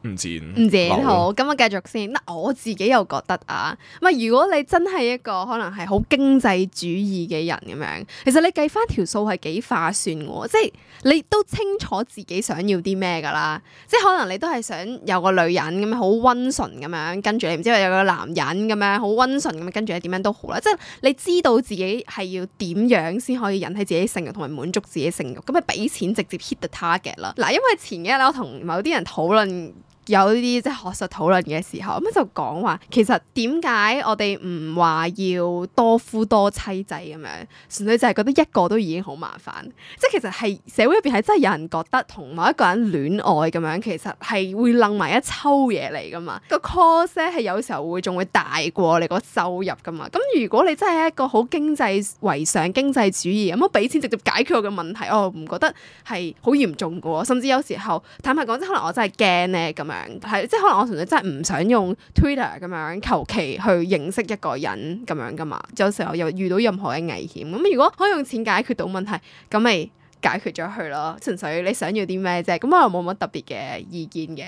唔剪，唔剪，好，咁我繼續先。嗱，我自己又覺得啊，唔如果你真係一個可能係好經濟主義嘅人咁樣，其實你計翻條數係幾化算喎，即係你都清楚自己想要啲咩㗎啦。即係可能你都係想有個女人咁樣好温順咁樣跟住你，唔知有個男人咁樣好温順咁樣跟住你，點樣都好啦。即係你知道自己係要點樣先可以引起自己性慾同埋滿足自己性慾，咁咪俾錢直接 hit the target 啦。嗱，因為前幾日我同某啲人討論。有呢啲即係學術討論嘅時候，咁樣就講話，其實點解我哋唔話要多夫多妻制咁樣，純粹就係覺得一個都已經好麻煩，即係其實係社會入邊係真係有人覺得同某一個人戀愛咁樣其實係會冧埋一抽嘢嚟噶嘛。個 cost 咧係有時候會仲會大過你個收入噶嘛。咁如果你真係一個好經濟為上經濟主義咁樣俾錢直接解決我嘅問題，我又唔覺得係好嚴重嘅喎。甚至有時候坦白講即係可能我真係驚咧咁樣。係，即係可能我純粹真係唔想用 Twitter 咁樣求其去認識一個人咁樣噶嘛，有時候又遇到任何嘅危險，咁如果可以用錢解決到問題，咁咪解決咗佢咯。純粹你想要啲咩啫，咁我又冇乜特別嘅意見嘅。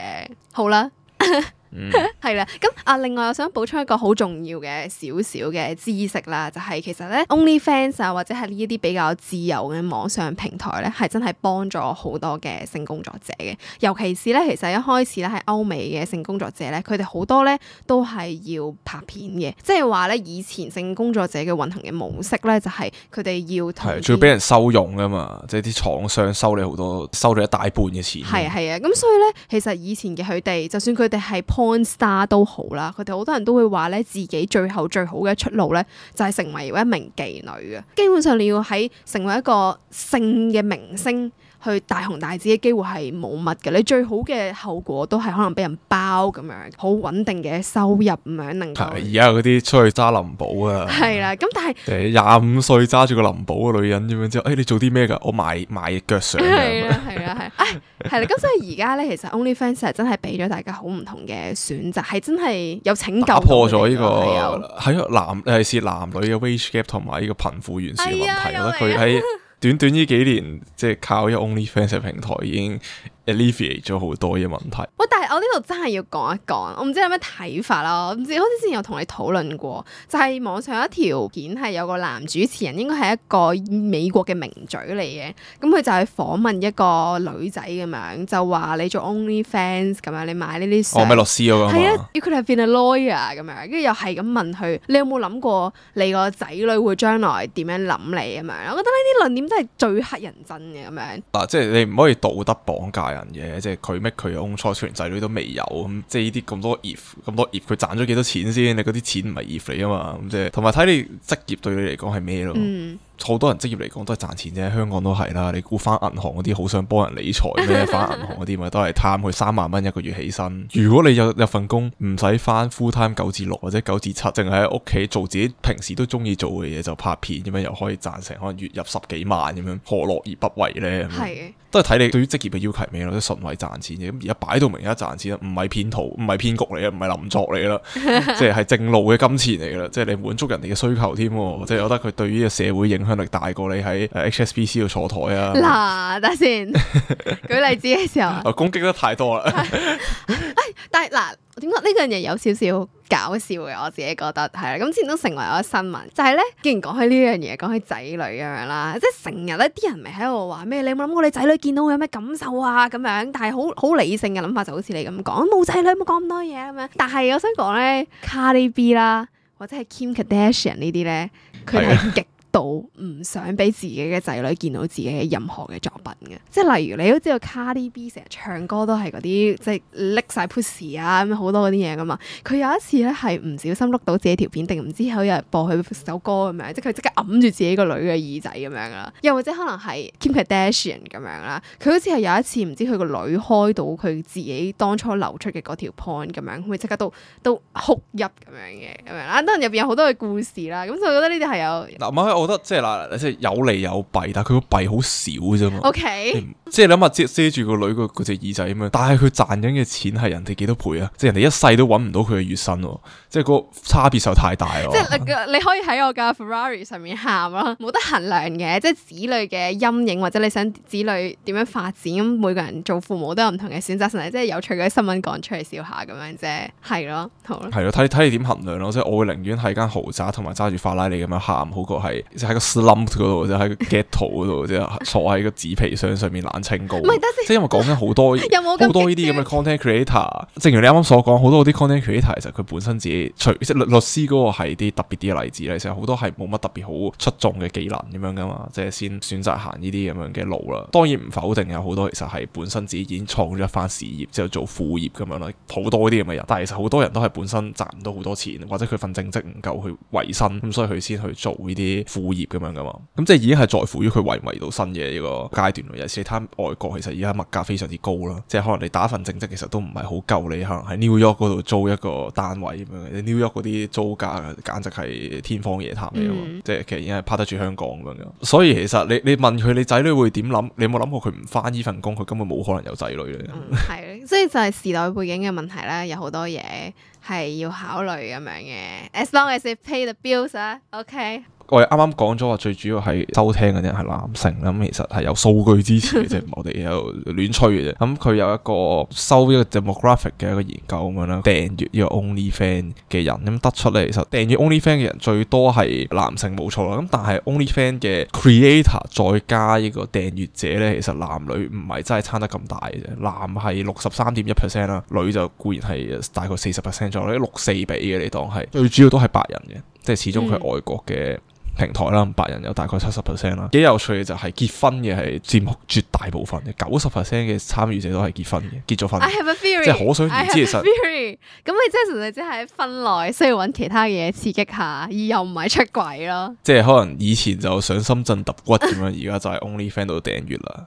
好啦吧。 係啦，咁啊， 另外我想補充一個好重要嘅少少嘅知識啦，就係、是、其實咧，OnlyFans 啊，或者係呢一啲比較自由嘅網上平台咧，係真係幫助好多嘅性工作者嘅。尤其是咧，其實一開始咧，係歐美嘅性工作者咧，佢哋好多咧都係要拍片嘅，即係話咧以前性工作者嘅運行嘅模式咧，就係佢哋要係仲要俾人收佣噶嘛，即係啲廠商收你好多，收你一大半嘅錢的。係係啊，咁所以咧，其實以前嘅佢哋，就算佢哋係破 monster 都好啦，佢哋好多人都會話咧，自己最後最好嘅出路咧，就係成為一名妓女嘅。基本上你要喺成為一個性嘅明星。去大紅大紫嘅機會係冇乜嘅，你最好嘅後果都係可能俾人包咁樣，好穩定嘅收入咁樣，能夠。而家嗰啲出去揸林寶啊。係啦，咁但係。誒、欸，廿五歲揸住個林寶嘅女人咁樣之後，誒、欸、你做啲咩㗎？我賣賣腳上。係啦係啦啦，咁所以而家咧，其實 OnlyFans 係真係俾咗大家好唔同嘅選擇，係真係有拯救破、這個。破咗呢個喺男係是，男，是男女嘅 Wage Gap 同埋呢個貧富懸殊嘅問題啦，佢喺。 短短呢幾年，即係靠一 OnlyFans 嘅平台已經。alleviate 咗好多嘅問題。喂、哦，但係我呢度真係要講一講，我唔知有咩睇法咯。唔知好似之前有同你討論過，就係、是、網上一條片，係有個男主持人，應該係一個美國嘅名嘴嚟嘅。咁、嗯、佢就去訪問一個女仔咁樣，就話你做 OnlyFans 咁樣，你買呢啲哦，咪律師咯，係啊，佢係變 a lawyer 咁、嗯、樣，跟住又係咁問佢，你有冇諗過你個仔女會將來點樣諗你咁樣、嗯？我覺得呢啲論點真係最乞人憎嘅咁樣。嗱、嗯啊，即係你唔可以道德綁架。嘅，即係佢乜佢啊，初出連仔女都未有，咁即係呢啲咁多 if，咁多 if，佢賺咗幾多錢先？你嗰啲錢唔係 if 嚟啊嘛，咁即係同埋睇你職業對你嚟講係咩咯？嗯好多人職業嚟講都係賺錢啫，香港都係啦。你估翻銀行嗰啲好想幫人理財咩？翻銀 行嗰啲咪都係貪佢三萬蚊一個月起身。如果你有有份工唔使翻 full time 九至六或者九至七，淨係喺屋企做自己平時都中意做嘅嘢，就拍片咁樣又可以賺成可能月入十幾萬咁樣，何樂而不為呢？ 都係睇你對於職業嘅要求咩咯？都純為賺錢嘅。咁而家擺到明而家賺錢啦，唔係騙徒，唔係騙局嚟嘅，唔係林作嚟啦，即係係 正路嘅金錢嚟啦，即係你滿足人哋嘅需求添。 即係我覺得佢對於個社會影。影響力大過你喺 HSBC 度坐台啊！嗱、啊，等先， 舉例子嘅時候， 攻擊得太多啦 、哎。但嗱，點解呢樣嘢有少少搞笑嘅？我自己覺得係啦。咁之前都成為咗新聞，就係、是、咧。既然講起呢樣嘢，講起仔女咁樣啦，即係成日咧，啲人咪喺度話咩？你有冇諗過你仔女見到有咩感受啊？咁樣，但係好好理性嘅諗法就好似你咁講冇仔女，冇講咁多嘢咁樣。但係我想講咧，Cardi B 啦，或者係 Kim Kardashian 呢啲咧，佢係極。到唔想俾自己嘅仔女見到自己任何嘅作品嘅，即係例如你都知道 Cardi B 成日唱歌都係嗰啲，即係拎晒 push 啊，咁好多嗰啲嘢㗎嘛。佢有一次咧係唔小心碌到自己條片，定唔知後有人播佢首歌咁樣，即係佢即刻揞住自己個女嘅耳仔咁樣啦。又或者可能係 Kim Kardashian 咁樣啦，佢好似係有一次唔知佢個女開到佢自己當初流出嘅嗰條 point 咁樣，佢即刻都都哭泣咁樣嘅咁樣啦。當然入邊有好多嘅故事啦，咁所以我覺得呢啲係有媽媽覺得即係嗱，即係有利有弊，但係佢個弊好少啫嘛。O Okay . K，即係諗下遮住女，個女個嗰隻耳仔咁樣。但係佢賺緊嘅錢係人哋幾多倍啊？即係人哋一世都搵唔到佢嘅月薪，啊，即係個差別就太大咯，啊。即係是、嗯、你，可以喺我嘅 Ferrari 上面喊咯，冇得衡量嘅。即係子女嘅陰影或者你想子女點樣發展，咁每個人做父母都有唔同嘅選擇。甚至即係有趣嘅新聞講出嚟笑下咁樣啫，係咯，好咯，係咯，睇你睇你點衡量咯。即係我會寧願喺間豪宅同埋揸住法拉利咁樣喊，好過係。就喺個 slump 嗰度，就喺個 ghetto 度，即 坐喺個紙皮箱上，上面懶清高。唔係，即係因為講緊好多好 多呢啲咁嘅 content creator。 正如你啱啱所講，好多啲 content creator 其實佢本身自己除即律律師嗰個係啲特別啲嘅例子咧，其實好多係冇乜特別好出眾嘅技能咁樣噶嘛，即係先選擇行呢啲咁樣嘅路啦。當然唔否定有好多其實係本身自己已經創咗一番事業之後做副業咁樣咯，好多呢啲咁嘅人。但係其實好多人都係本身賺唔到好多錢，或者佢份正職唔夠去維生，咁所以佢先去做呢啲物業咁樣噶嘛，咁即係已經係在乎於佢維維到新嘅呢個階段咯。尤其是睇外國，其實而家物價非常之高啦，即係可能你打份正職，其實都唔係好夠你。可能喺 New York 嗰度租一個單位咁樣，你 New York 嗰啲租價簡直係天方夜譚嚟，即係其實已經係拍得住香港咁樣。所以其實你你問佢你仔女會點諗？你有冇諗過佢唔翻呢份工？佢根本冇可能有仔女嘅。係，所以就係時代背景嘅問題啦，有好多嘢。係要考慮咁樣嘅，as long as it pay the bills o、okay? k 我哋啱啱講咗話，最主要係收聽嗰啲人係男性咁、嗯、其實係有數據支持嘅啫，唔係 我哋有亂吹嘅。啫、嗯。咁佢有一個收一個 demographic 嘅一個研究咁樣啦，訂閱呢個 Only Fan 嘅人，咁、嗯、得出咧，其實訂閱 Only Fan 嘅人最多係男性冇錯啦，咁、嗯、但係 Only Fan 嘅 creator 再加個訂閱呢個訂閱者咧，其實男女唔係真係差得咁大嘅啫，男係六十三點一 percent 啦，女就固然係大概四十 percent。六四比嘅，你當係最主要都係白人嘅，即係始終佢外國嘅平台啦，嗯、白人有大概七十 percent 啦。幾有趣嘅就係結婚嘅係佔絕大部分嘅，九十 percent 嘅參與者都係結婚嘅，結咗婚。I have a theory, 即係可想而知其實。咁啊，Jason 你即係純粹即係喺婚內需要揾其他嘢刺激下，而又唔係出軌咯。即係可能以前就上深圳揼骨咁樣，而家 就係 OnlyFans 到訂閱啦，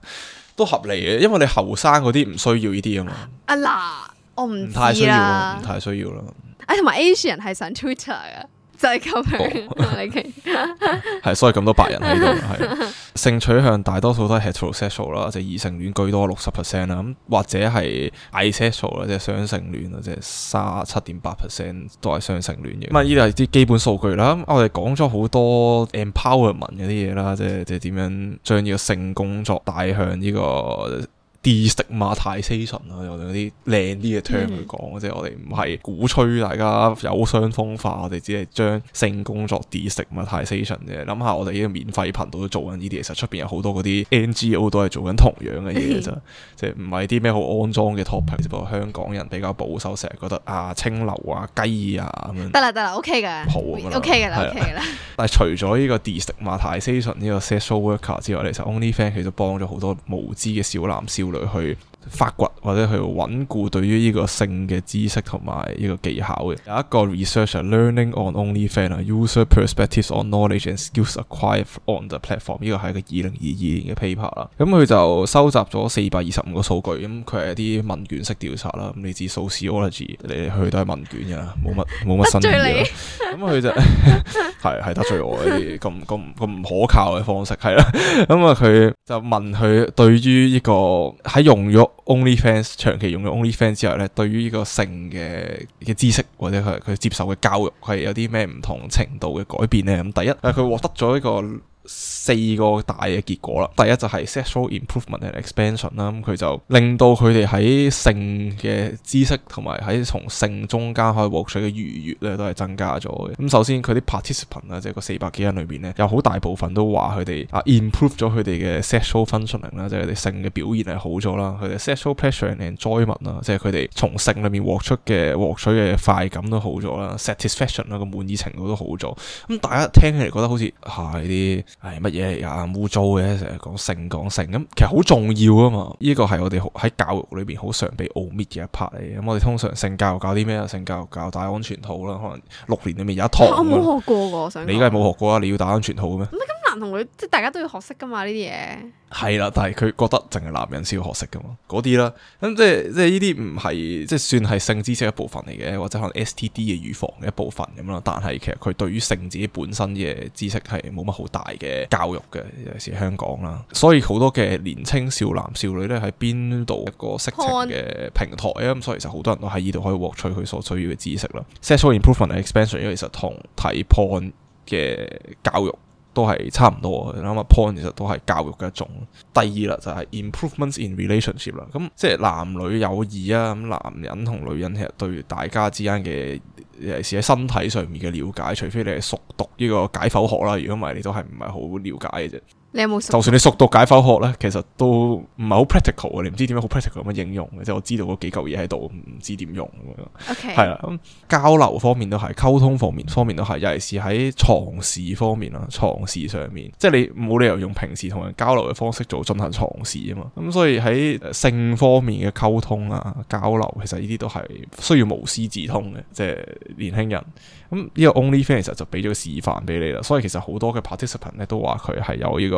都合理嘅，因為你後生嗰啲唔需要呢啲啊嘛。阿嗱。我唔太需要唔太需要啦。哎、啊，同埋 Asian 係想 Twitter 噶，就係、是、咁樣我 你。係所以咁多白人喺度係性取向大多數都係 heterosexual 啦，就係、是、異性戀居多，六十 percent 啦。咁或者係異 sexual 啦，即係雙性戀啊，即係三十七點八 percent 都係雙性戀嘅。咁啊，依啲係啲基本數據啦。咁我哋講咗好多 empowerment 嗰啲嘢啦，即係即係點樣將呢個性工作帶向呢、這個 de-stigmatization 啦，用啲靚啲嘅 term 去講、mm，hmm. 即係我哋唔係鼓吹大家有傷風化，我哋只係將性工作 de-stigmatization 啫。諗下我哋呢個免費頻道都做緊呢啲，其實出邊有好多嗰啲 NGO 都係做緊同樣嘅嘢啫，mm hmm. 即係唔係啲咩好骯髒嘅 topic。不過香港人比較保守，成日覺得啊青樓啊雞啊咁樣。得啦，得啦，OK 嘅，o k 嘅啦 OK 啦。 但係除咗依個 de-stigmatization 呢個 sexual worker 之外，其實 OnlyFans 其實幫咗好多無知嘅少男少女。去。發掘或者去穩固對於呢個性嘅知識同埋呢個技巧嘅，有一個 researcher learning on OnlyFans 啊，user perspectives on knowledge and skills acquired on the platform 呢個係一個二零二二年嘅 paper 啦。咁佢就收集咗四百二十五個數據，咁佢係一啲問卷式調查啦。咁你知 sociology 嚟嚟去都係問卷噶冇乜冇乜新嘢。得罪你，咁佢他就係係 得罪我啲咁咁咁唔可靠嘅方式，係啦。咁啊佢就問佢對於呢個喺用約。OnlyFans 長期用咗 OnlyFans 之後咧，對於呢個性嘅嘅知識或者佢，佢接受嘅教育，佢係有啲咩唔同程度嘅改變咧？咁第一，誒佢獲得咗一個。四個大嘅結果啦，第一就係 sexual improvement and expansion 啦、嗯，咁佢就令到佢哋喺性嘅知識同埋喺從性中間可以獲取嘅愉悅咧，都係增加咗嘅。咁、嗯、首先佢啲 participant 啦，part ant，即係個四百幾人裏邊咧，有好大部分都話佢哋啊，improve 咗佢哋嘅 sexual functioning 啦，即係佢哋性嘅表現係好咗啦。佢哋 sexual pleasure and enjoyment 啦，即係佢哋從性裏面獲出嘅獲取嘅快感都好咗啦，satisfaction 啦個滿意程度都好咗。咁、嗯、大家聽起嚟覺得好似係啲，啊係乜嘢嚟噶污糟嘅？成日講性講性咁，其實好重要啊嘛！呢個係我哋喺教育裏邊好常被 omit 嘅一 part 嚟嘅。咁我哋通常性教育教啲咩啊？性教育教打安全套啦，可能六年裏面有一堂我有。我冇學過個，你依家係冇學過啊？你要打安全套咩？咁男同女即係大家都要學識噶嘛？呢啲嘢係啦，但係佢覺得淨係男人先要學識噶嘛？嗰啲啦，咁即係即係呢啲唔係即係算係性知識一部分嚟嘅，或者可能 STD 嘅預防嘅一部分咁啦。但係其實佢對於性自己本身嘅知識係冇乜好大。嘅教育嘅，尤其是香港啦，所以好多嘅年青少男少女咧，喺邊度一個色情嘅平台啊，咁所以其實好多人都喺呢度可以獲取佢所需要嘅知識啦。Sexual improvement and expansion，因為其實同睇 porn 嘅教育。都係差唔多，你諗下 point 其實都係教育嘅一種。第二啦就係、是、improvements in relationship 啦、嗯，咁即係男女友誼啊，咁男人同女人其實對大家之間嘅誒，尤其是喺身體上面嘅了解，除非你係熟讀呢個解剖學啦，如果唔係你都係唔係好了解嘅啫。你有冇？就算你熟讀解剖學咧，其實都唔係好 practical 啊！你唔知點樣好 practical 咁樣應用嘅，即係我知道嗰幾嚿嘢喺度，唔知點用。O K。係啦，咁、嗯、交流方面都係，溝通方面方面都係，尤其是喺床事方面啦，床事上面，即係你冇理由用平時同人交流嘅方式做進行床事啊嘛。咁、嗯、所以喺性方面嘅溝通啊，交流，其實呢啲都係需要無師自通嘅，即係年輕人。咁、嗯、呢、這個 OnlyFans 其實就俾咗示範俾你啦。所以其實好多嘅 participant 咧都話佢係有呢個。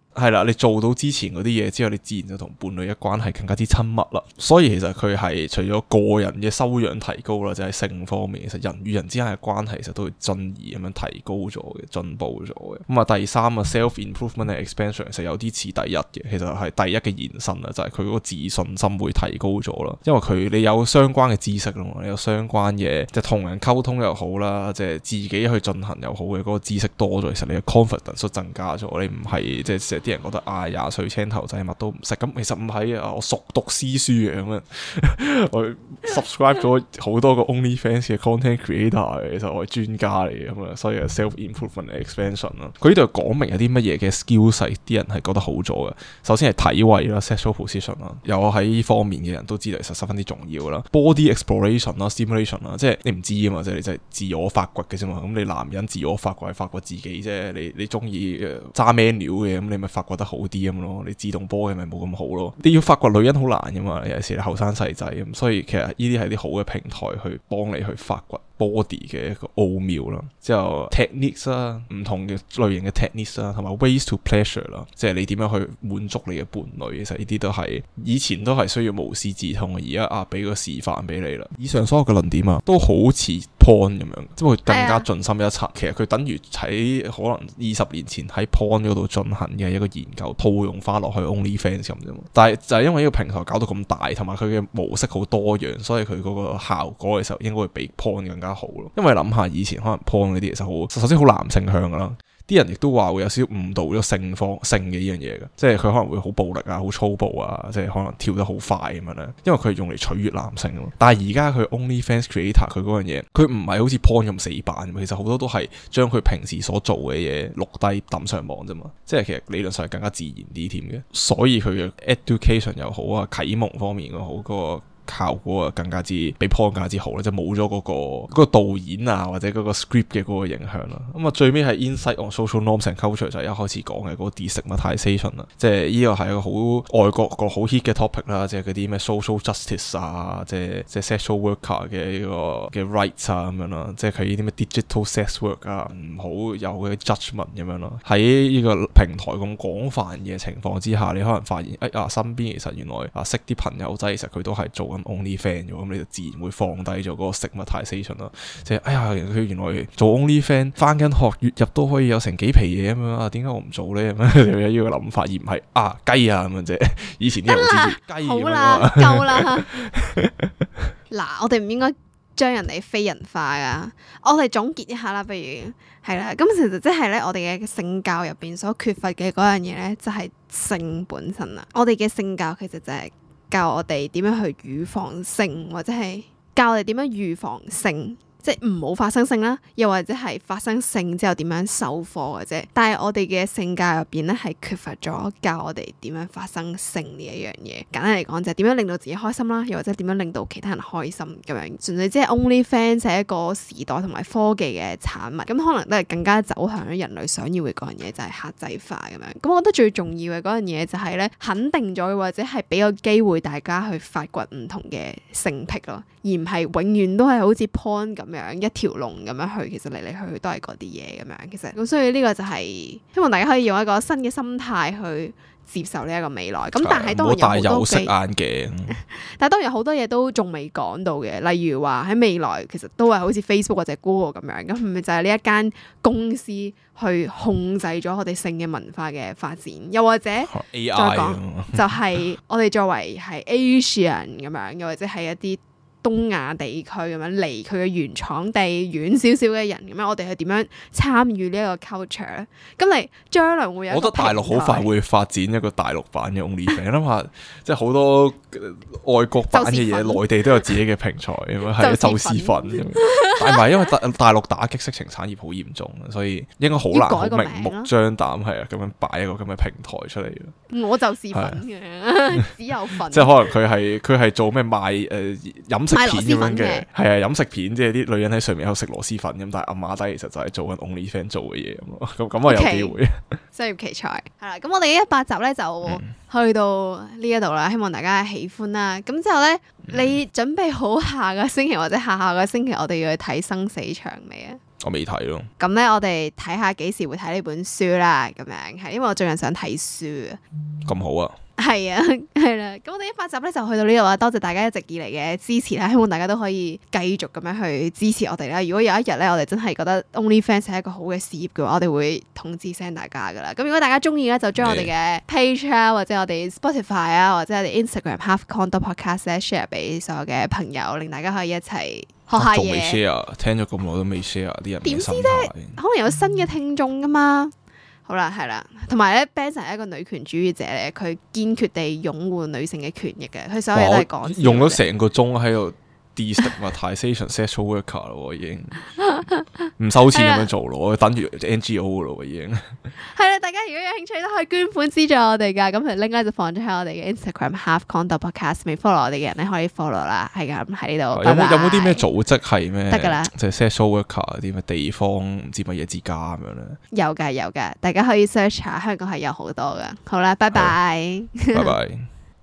係啦，你做到之前嗰啲嘢之後，你自然就同伴侶嘅關係更加之親密啦。所以其實佢係除咗個人嘅修養提高啦，就係、是、性方面，其實人與人之間嘅關係其實都會進而咁樣提高咗嘅，進步咗嘅。咁、嗯、啊，第三啊，self improvement expansion 其實有啲似第一嘅，其實係第一嘅延伸啦，就係佢嗰個自信心會提高咗啦。因為佢你有相關嘅知識咯，你有相關嘅即係同人溝通又好啦，即係自己去進行又好嘅，嗰、那個知識多咗，其實你嘅 confidence 都增加咗，你唔係即係啲人覺得啊，廿歲青頭仔乜都唔識，咁其實唔係啊，我熟讀詩書嘅咁啊，樣 我 subscribe 咗好多個 OnlyFans 嘅 content creator，其實我係專家嚟嘅咁啊，所以係 self-improvement expansion 咯、啊。佢呢度係講明有啲乜嘢嘅 skills 啲人係覺得好咗嘅。首先係體位啦，sexual position 啦，有我喺呢方面嘅人都知道，其實十分之重要啦。Body exploration 啦，stimulation 啦，即係你唔知啊嘛，即係你真係自我發掘嘅啫嘛。咁你男人自我發掘，發掘自己啫。你你中意揸咩料嘅，咁你咪～發掘得好啲咁咯，你自動波嘅咪冇咁好咯。你要發掘女人好難㗎嘛，有時你後生細仔，咁所以其實呢啲係啲好嘅平台去幫你去發掘。body 嘅一個奧妙啦，之後 techniques 啦，唔同嘅類型嘅 techniques 啦，同埋 ways to pleasure 啦，即係你點樣去滿足你嘅伴侶。其實呢啲都係以前都係需要無師自通嘅，而家啊俾個示範俾你啦。以上所有嘅論點啊，都好似 porn 咁樣，即會更加盡心一層，Yeah. 其實佢等於喺可能二十年前喺 porn 嗰度進行嘅一個研究套用翻落去 only fans 咁啫嘛。但係就係因為呢個平台搞到咁大，同埋佢嘅模式好多樣，所以佢嗰個效果嘅時候應該會比 porn 更加。好咯，因為諗下以前可能 porn 嗰啲其實好，首先好男性向噶啦，啲人亦都話會有少少誤導咗性方性嘅呢樣嘢嘅，即係佢可能會好暴力啊，好粗暴啊，即係可能跳得好快咁樣咧，因為佢係用嚟取悅男性咯。但係而家佢 OnlyFans Creator 佢嗰樣嘢，佢唔係好似 porn 咁死板，其實好多都係將佢平時所做嘅嘢錄低抌上網啫嘛，即係其實理論上係更加自然啲添嘅，所以佢嘅 education 又好啊，啟蒙方面又好過。那個效果啊，更加之比 point 框架之好咧，就冇咗嗰個嗰、嗰個導演啊，或者嗰個 script 嘅嗰個影響啦。咁啊，嗯、最尾係 insight on social norms and culture 就一開始講嘅嗰啲 de-stigmatization 啦，即係呢個係一個好外國個好 hit 嘅 topic 啦、啊，即係嗰啲咩 social justice 啊，即係即係 sexual worker 嘅呢、呢個嘅 rights 啊咁樣咯、啊，即係佢呢啲咩 digital sex work 啊，唔好有啲 judgment 咁、啊、樣咯、啊。喺呢個平台咁廣泛嘅情況之下，你可能發現誒啊、哎、身邊其實原來啊識啲朋友仔，其實佢都係做緊。Only fan 咁，你就自然會放低咗嗰個 stigmatization 咯。就哎呀，佢原來做 Only fan 翻緊學，月入都可以有成幾皮嘢，咁樣啊？點解我唔做呢？咧？有呢個諗法，而唔係啊雞啊咁樣啫。以前啲人知雞咁啊，好啦，夠啦，嗱，我哋唔應該將人哋非人化啊。我哋總結一下啦，不如係啦，咁其實即係咧，我哋嘅性教入邊所缺乏嘅嗰樣嘢咧，就係性本身啦。我哋嘅性教其實就係。教我哋點樣去預防性，或者係教我哋點樣預防性。即係唔好發生性啦，又或者係發生性之後點樣收貨嘅啫。但係我哋嘅性格入邊咧，係缺乏咗教我哋點樣發生性呢一樣嘢。簡單嚟講就係、是、點樣令到自己開心啦，又或者點樣令到其他人開心咁樣。純粹即係 OnlyFans 係一個時代同埋科技嘅產物，咁可能都係更加走向人類想要嘅嗰樣嘢就係、是、客製化咁樣。咁我覺得最重要嘅嗰樣嘢就係咧，肯定咗或者係俾個機會大家去發掘唔同嘅性癖咯，而唔係永遠都係好似 porn 咁。咁樣一條龍咁樣去，其實嚟嚟去去都係嗰啲嘢咁樣。其實咁，所以呢個就係、是、希望大家可以用一個新嘅心態去接受呢一個未來。咁、嗯、但係是當然好多，但係當然好多嘢都仲未講到嘅，例如話喺未來其實都係好似 Facebook 或者 Google 咁樣，咁係咪就係、是、呢一間公司去控制咗我哋性嘅文化嘅發展，又或者 AI 再講就係、是、我哋作為係 Asian 咁樣， 又或者係一啲。東亞地區咁樣離佢嘅原廠地遠少少嘅人咁樣，我哋係點樣參與呢一個 culture 咧？咁你將來會有，我覺得大陸好快會發展一個大陸版嘅 OnlyFans。你 諗下，即係好多、呃、外國版嘅嘢，內地都有自己嘅平台，咁樣係就是粉咁。但係因為大大陸打擊色情產業好嚴重，所以應該好難好明目張膽係啊咁樣擺一個咁嘅平台出嚟。我就是粉嘅，只有粉。 即係可能佢係佢係做咩賣誒、呃、飲？賣螺螄粉嘅係啊，飲 食片即係啲女人喺上面，喺度食螺螄粉咁，但係阿媽仔其實就係做緊 only fan 做嘅嘢咁，咁咁啊有機會。商業 Okay, 奇才係啦，咁我哋呢一百集咧就去到呢一度啦，嗯、希望大家喜歡啦。咁之後咧，嗯、你準備好下個星期或者下下個星期，我哋要去睇《生死場》未啊？我未睇咯。咁咧，我哋睇下幾時會睇呢本書啦。咁樣係，因為我最近想睇書。咁、嗯、好啊！係啊，係啦，咁我哋一百集咧就去到呢度啦。多謝大家一直以嚟嘅支持啦，希望大家都可以繼續咁樣去支持我哋啦。如果有一日咧，我哋真係覺得 OnlyFans 係一個好嘅事業嘅話，我哋會通知聲大家噶啦。咁如果大家中意咧，就將我哋嘅 Page 啊，或者我哋 Spotify 啊，或者我哋 Instagram Yeah. inst HalfKong Podcast 咧 share 俾所有嘅朋友，令大家可以一齊學下嘢。未 share，聽咗咁耐都未 share 啲人點知啫？嗯、可能有新嘅聽眾噶嘛。好啦，係啦，同埋咧，Benson 係一個女權主義者咧，佢堅決地擁護女性嘅權益嘅，佢所有嘢都係講用咗成個鐘喺度。 de-stigmatization sex worker 咯，已經唔收錢咁樣做咯，等於 NGO 咯，已經係啦。大家如果有興趣都可以捐款資助我哋㗎。咁佢另外就放咗喺我哋嘅 Instagram Halfkong Podcast，未 follow 我哋嘅人咧可以 follow 啦。係㗎，喺呢度。有冇有冇啲咩組織係咩？得㗎啦，即係 sex worker 啲咩地方唔知乜嘢之家咁樣咧。有㗎有㗎，大家可以 search 下香港係有好多㗎。好啦，拜拜，拜拜。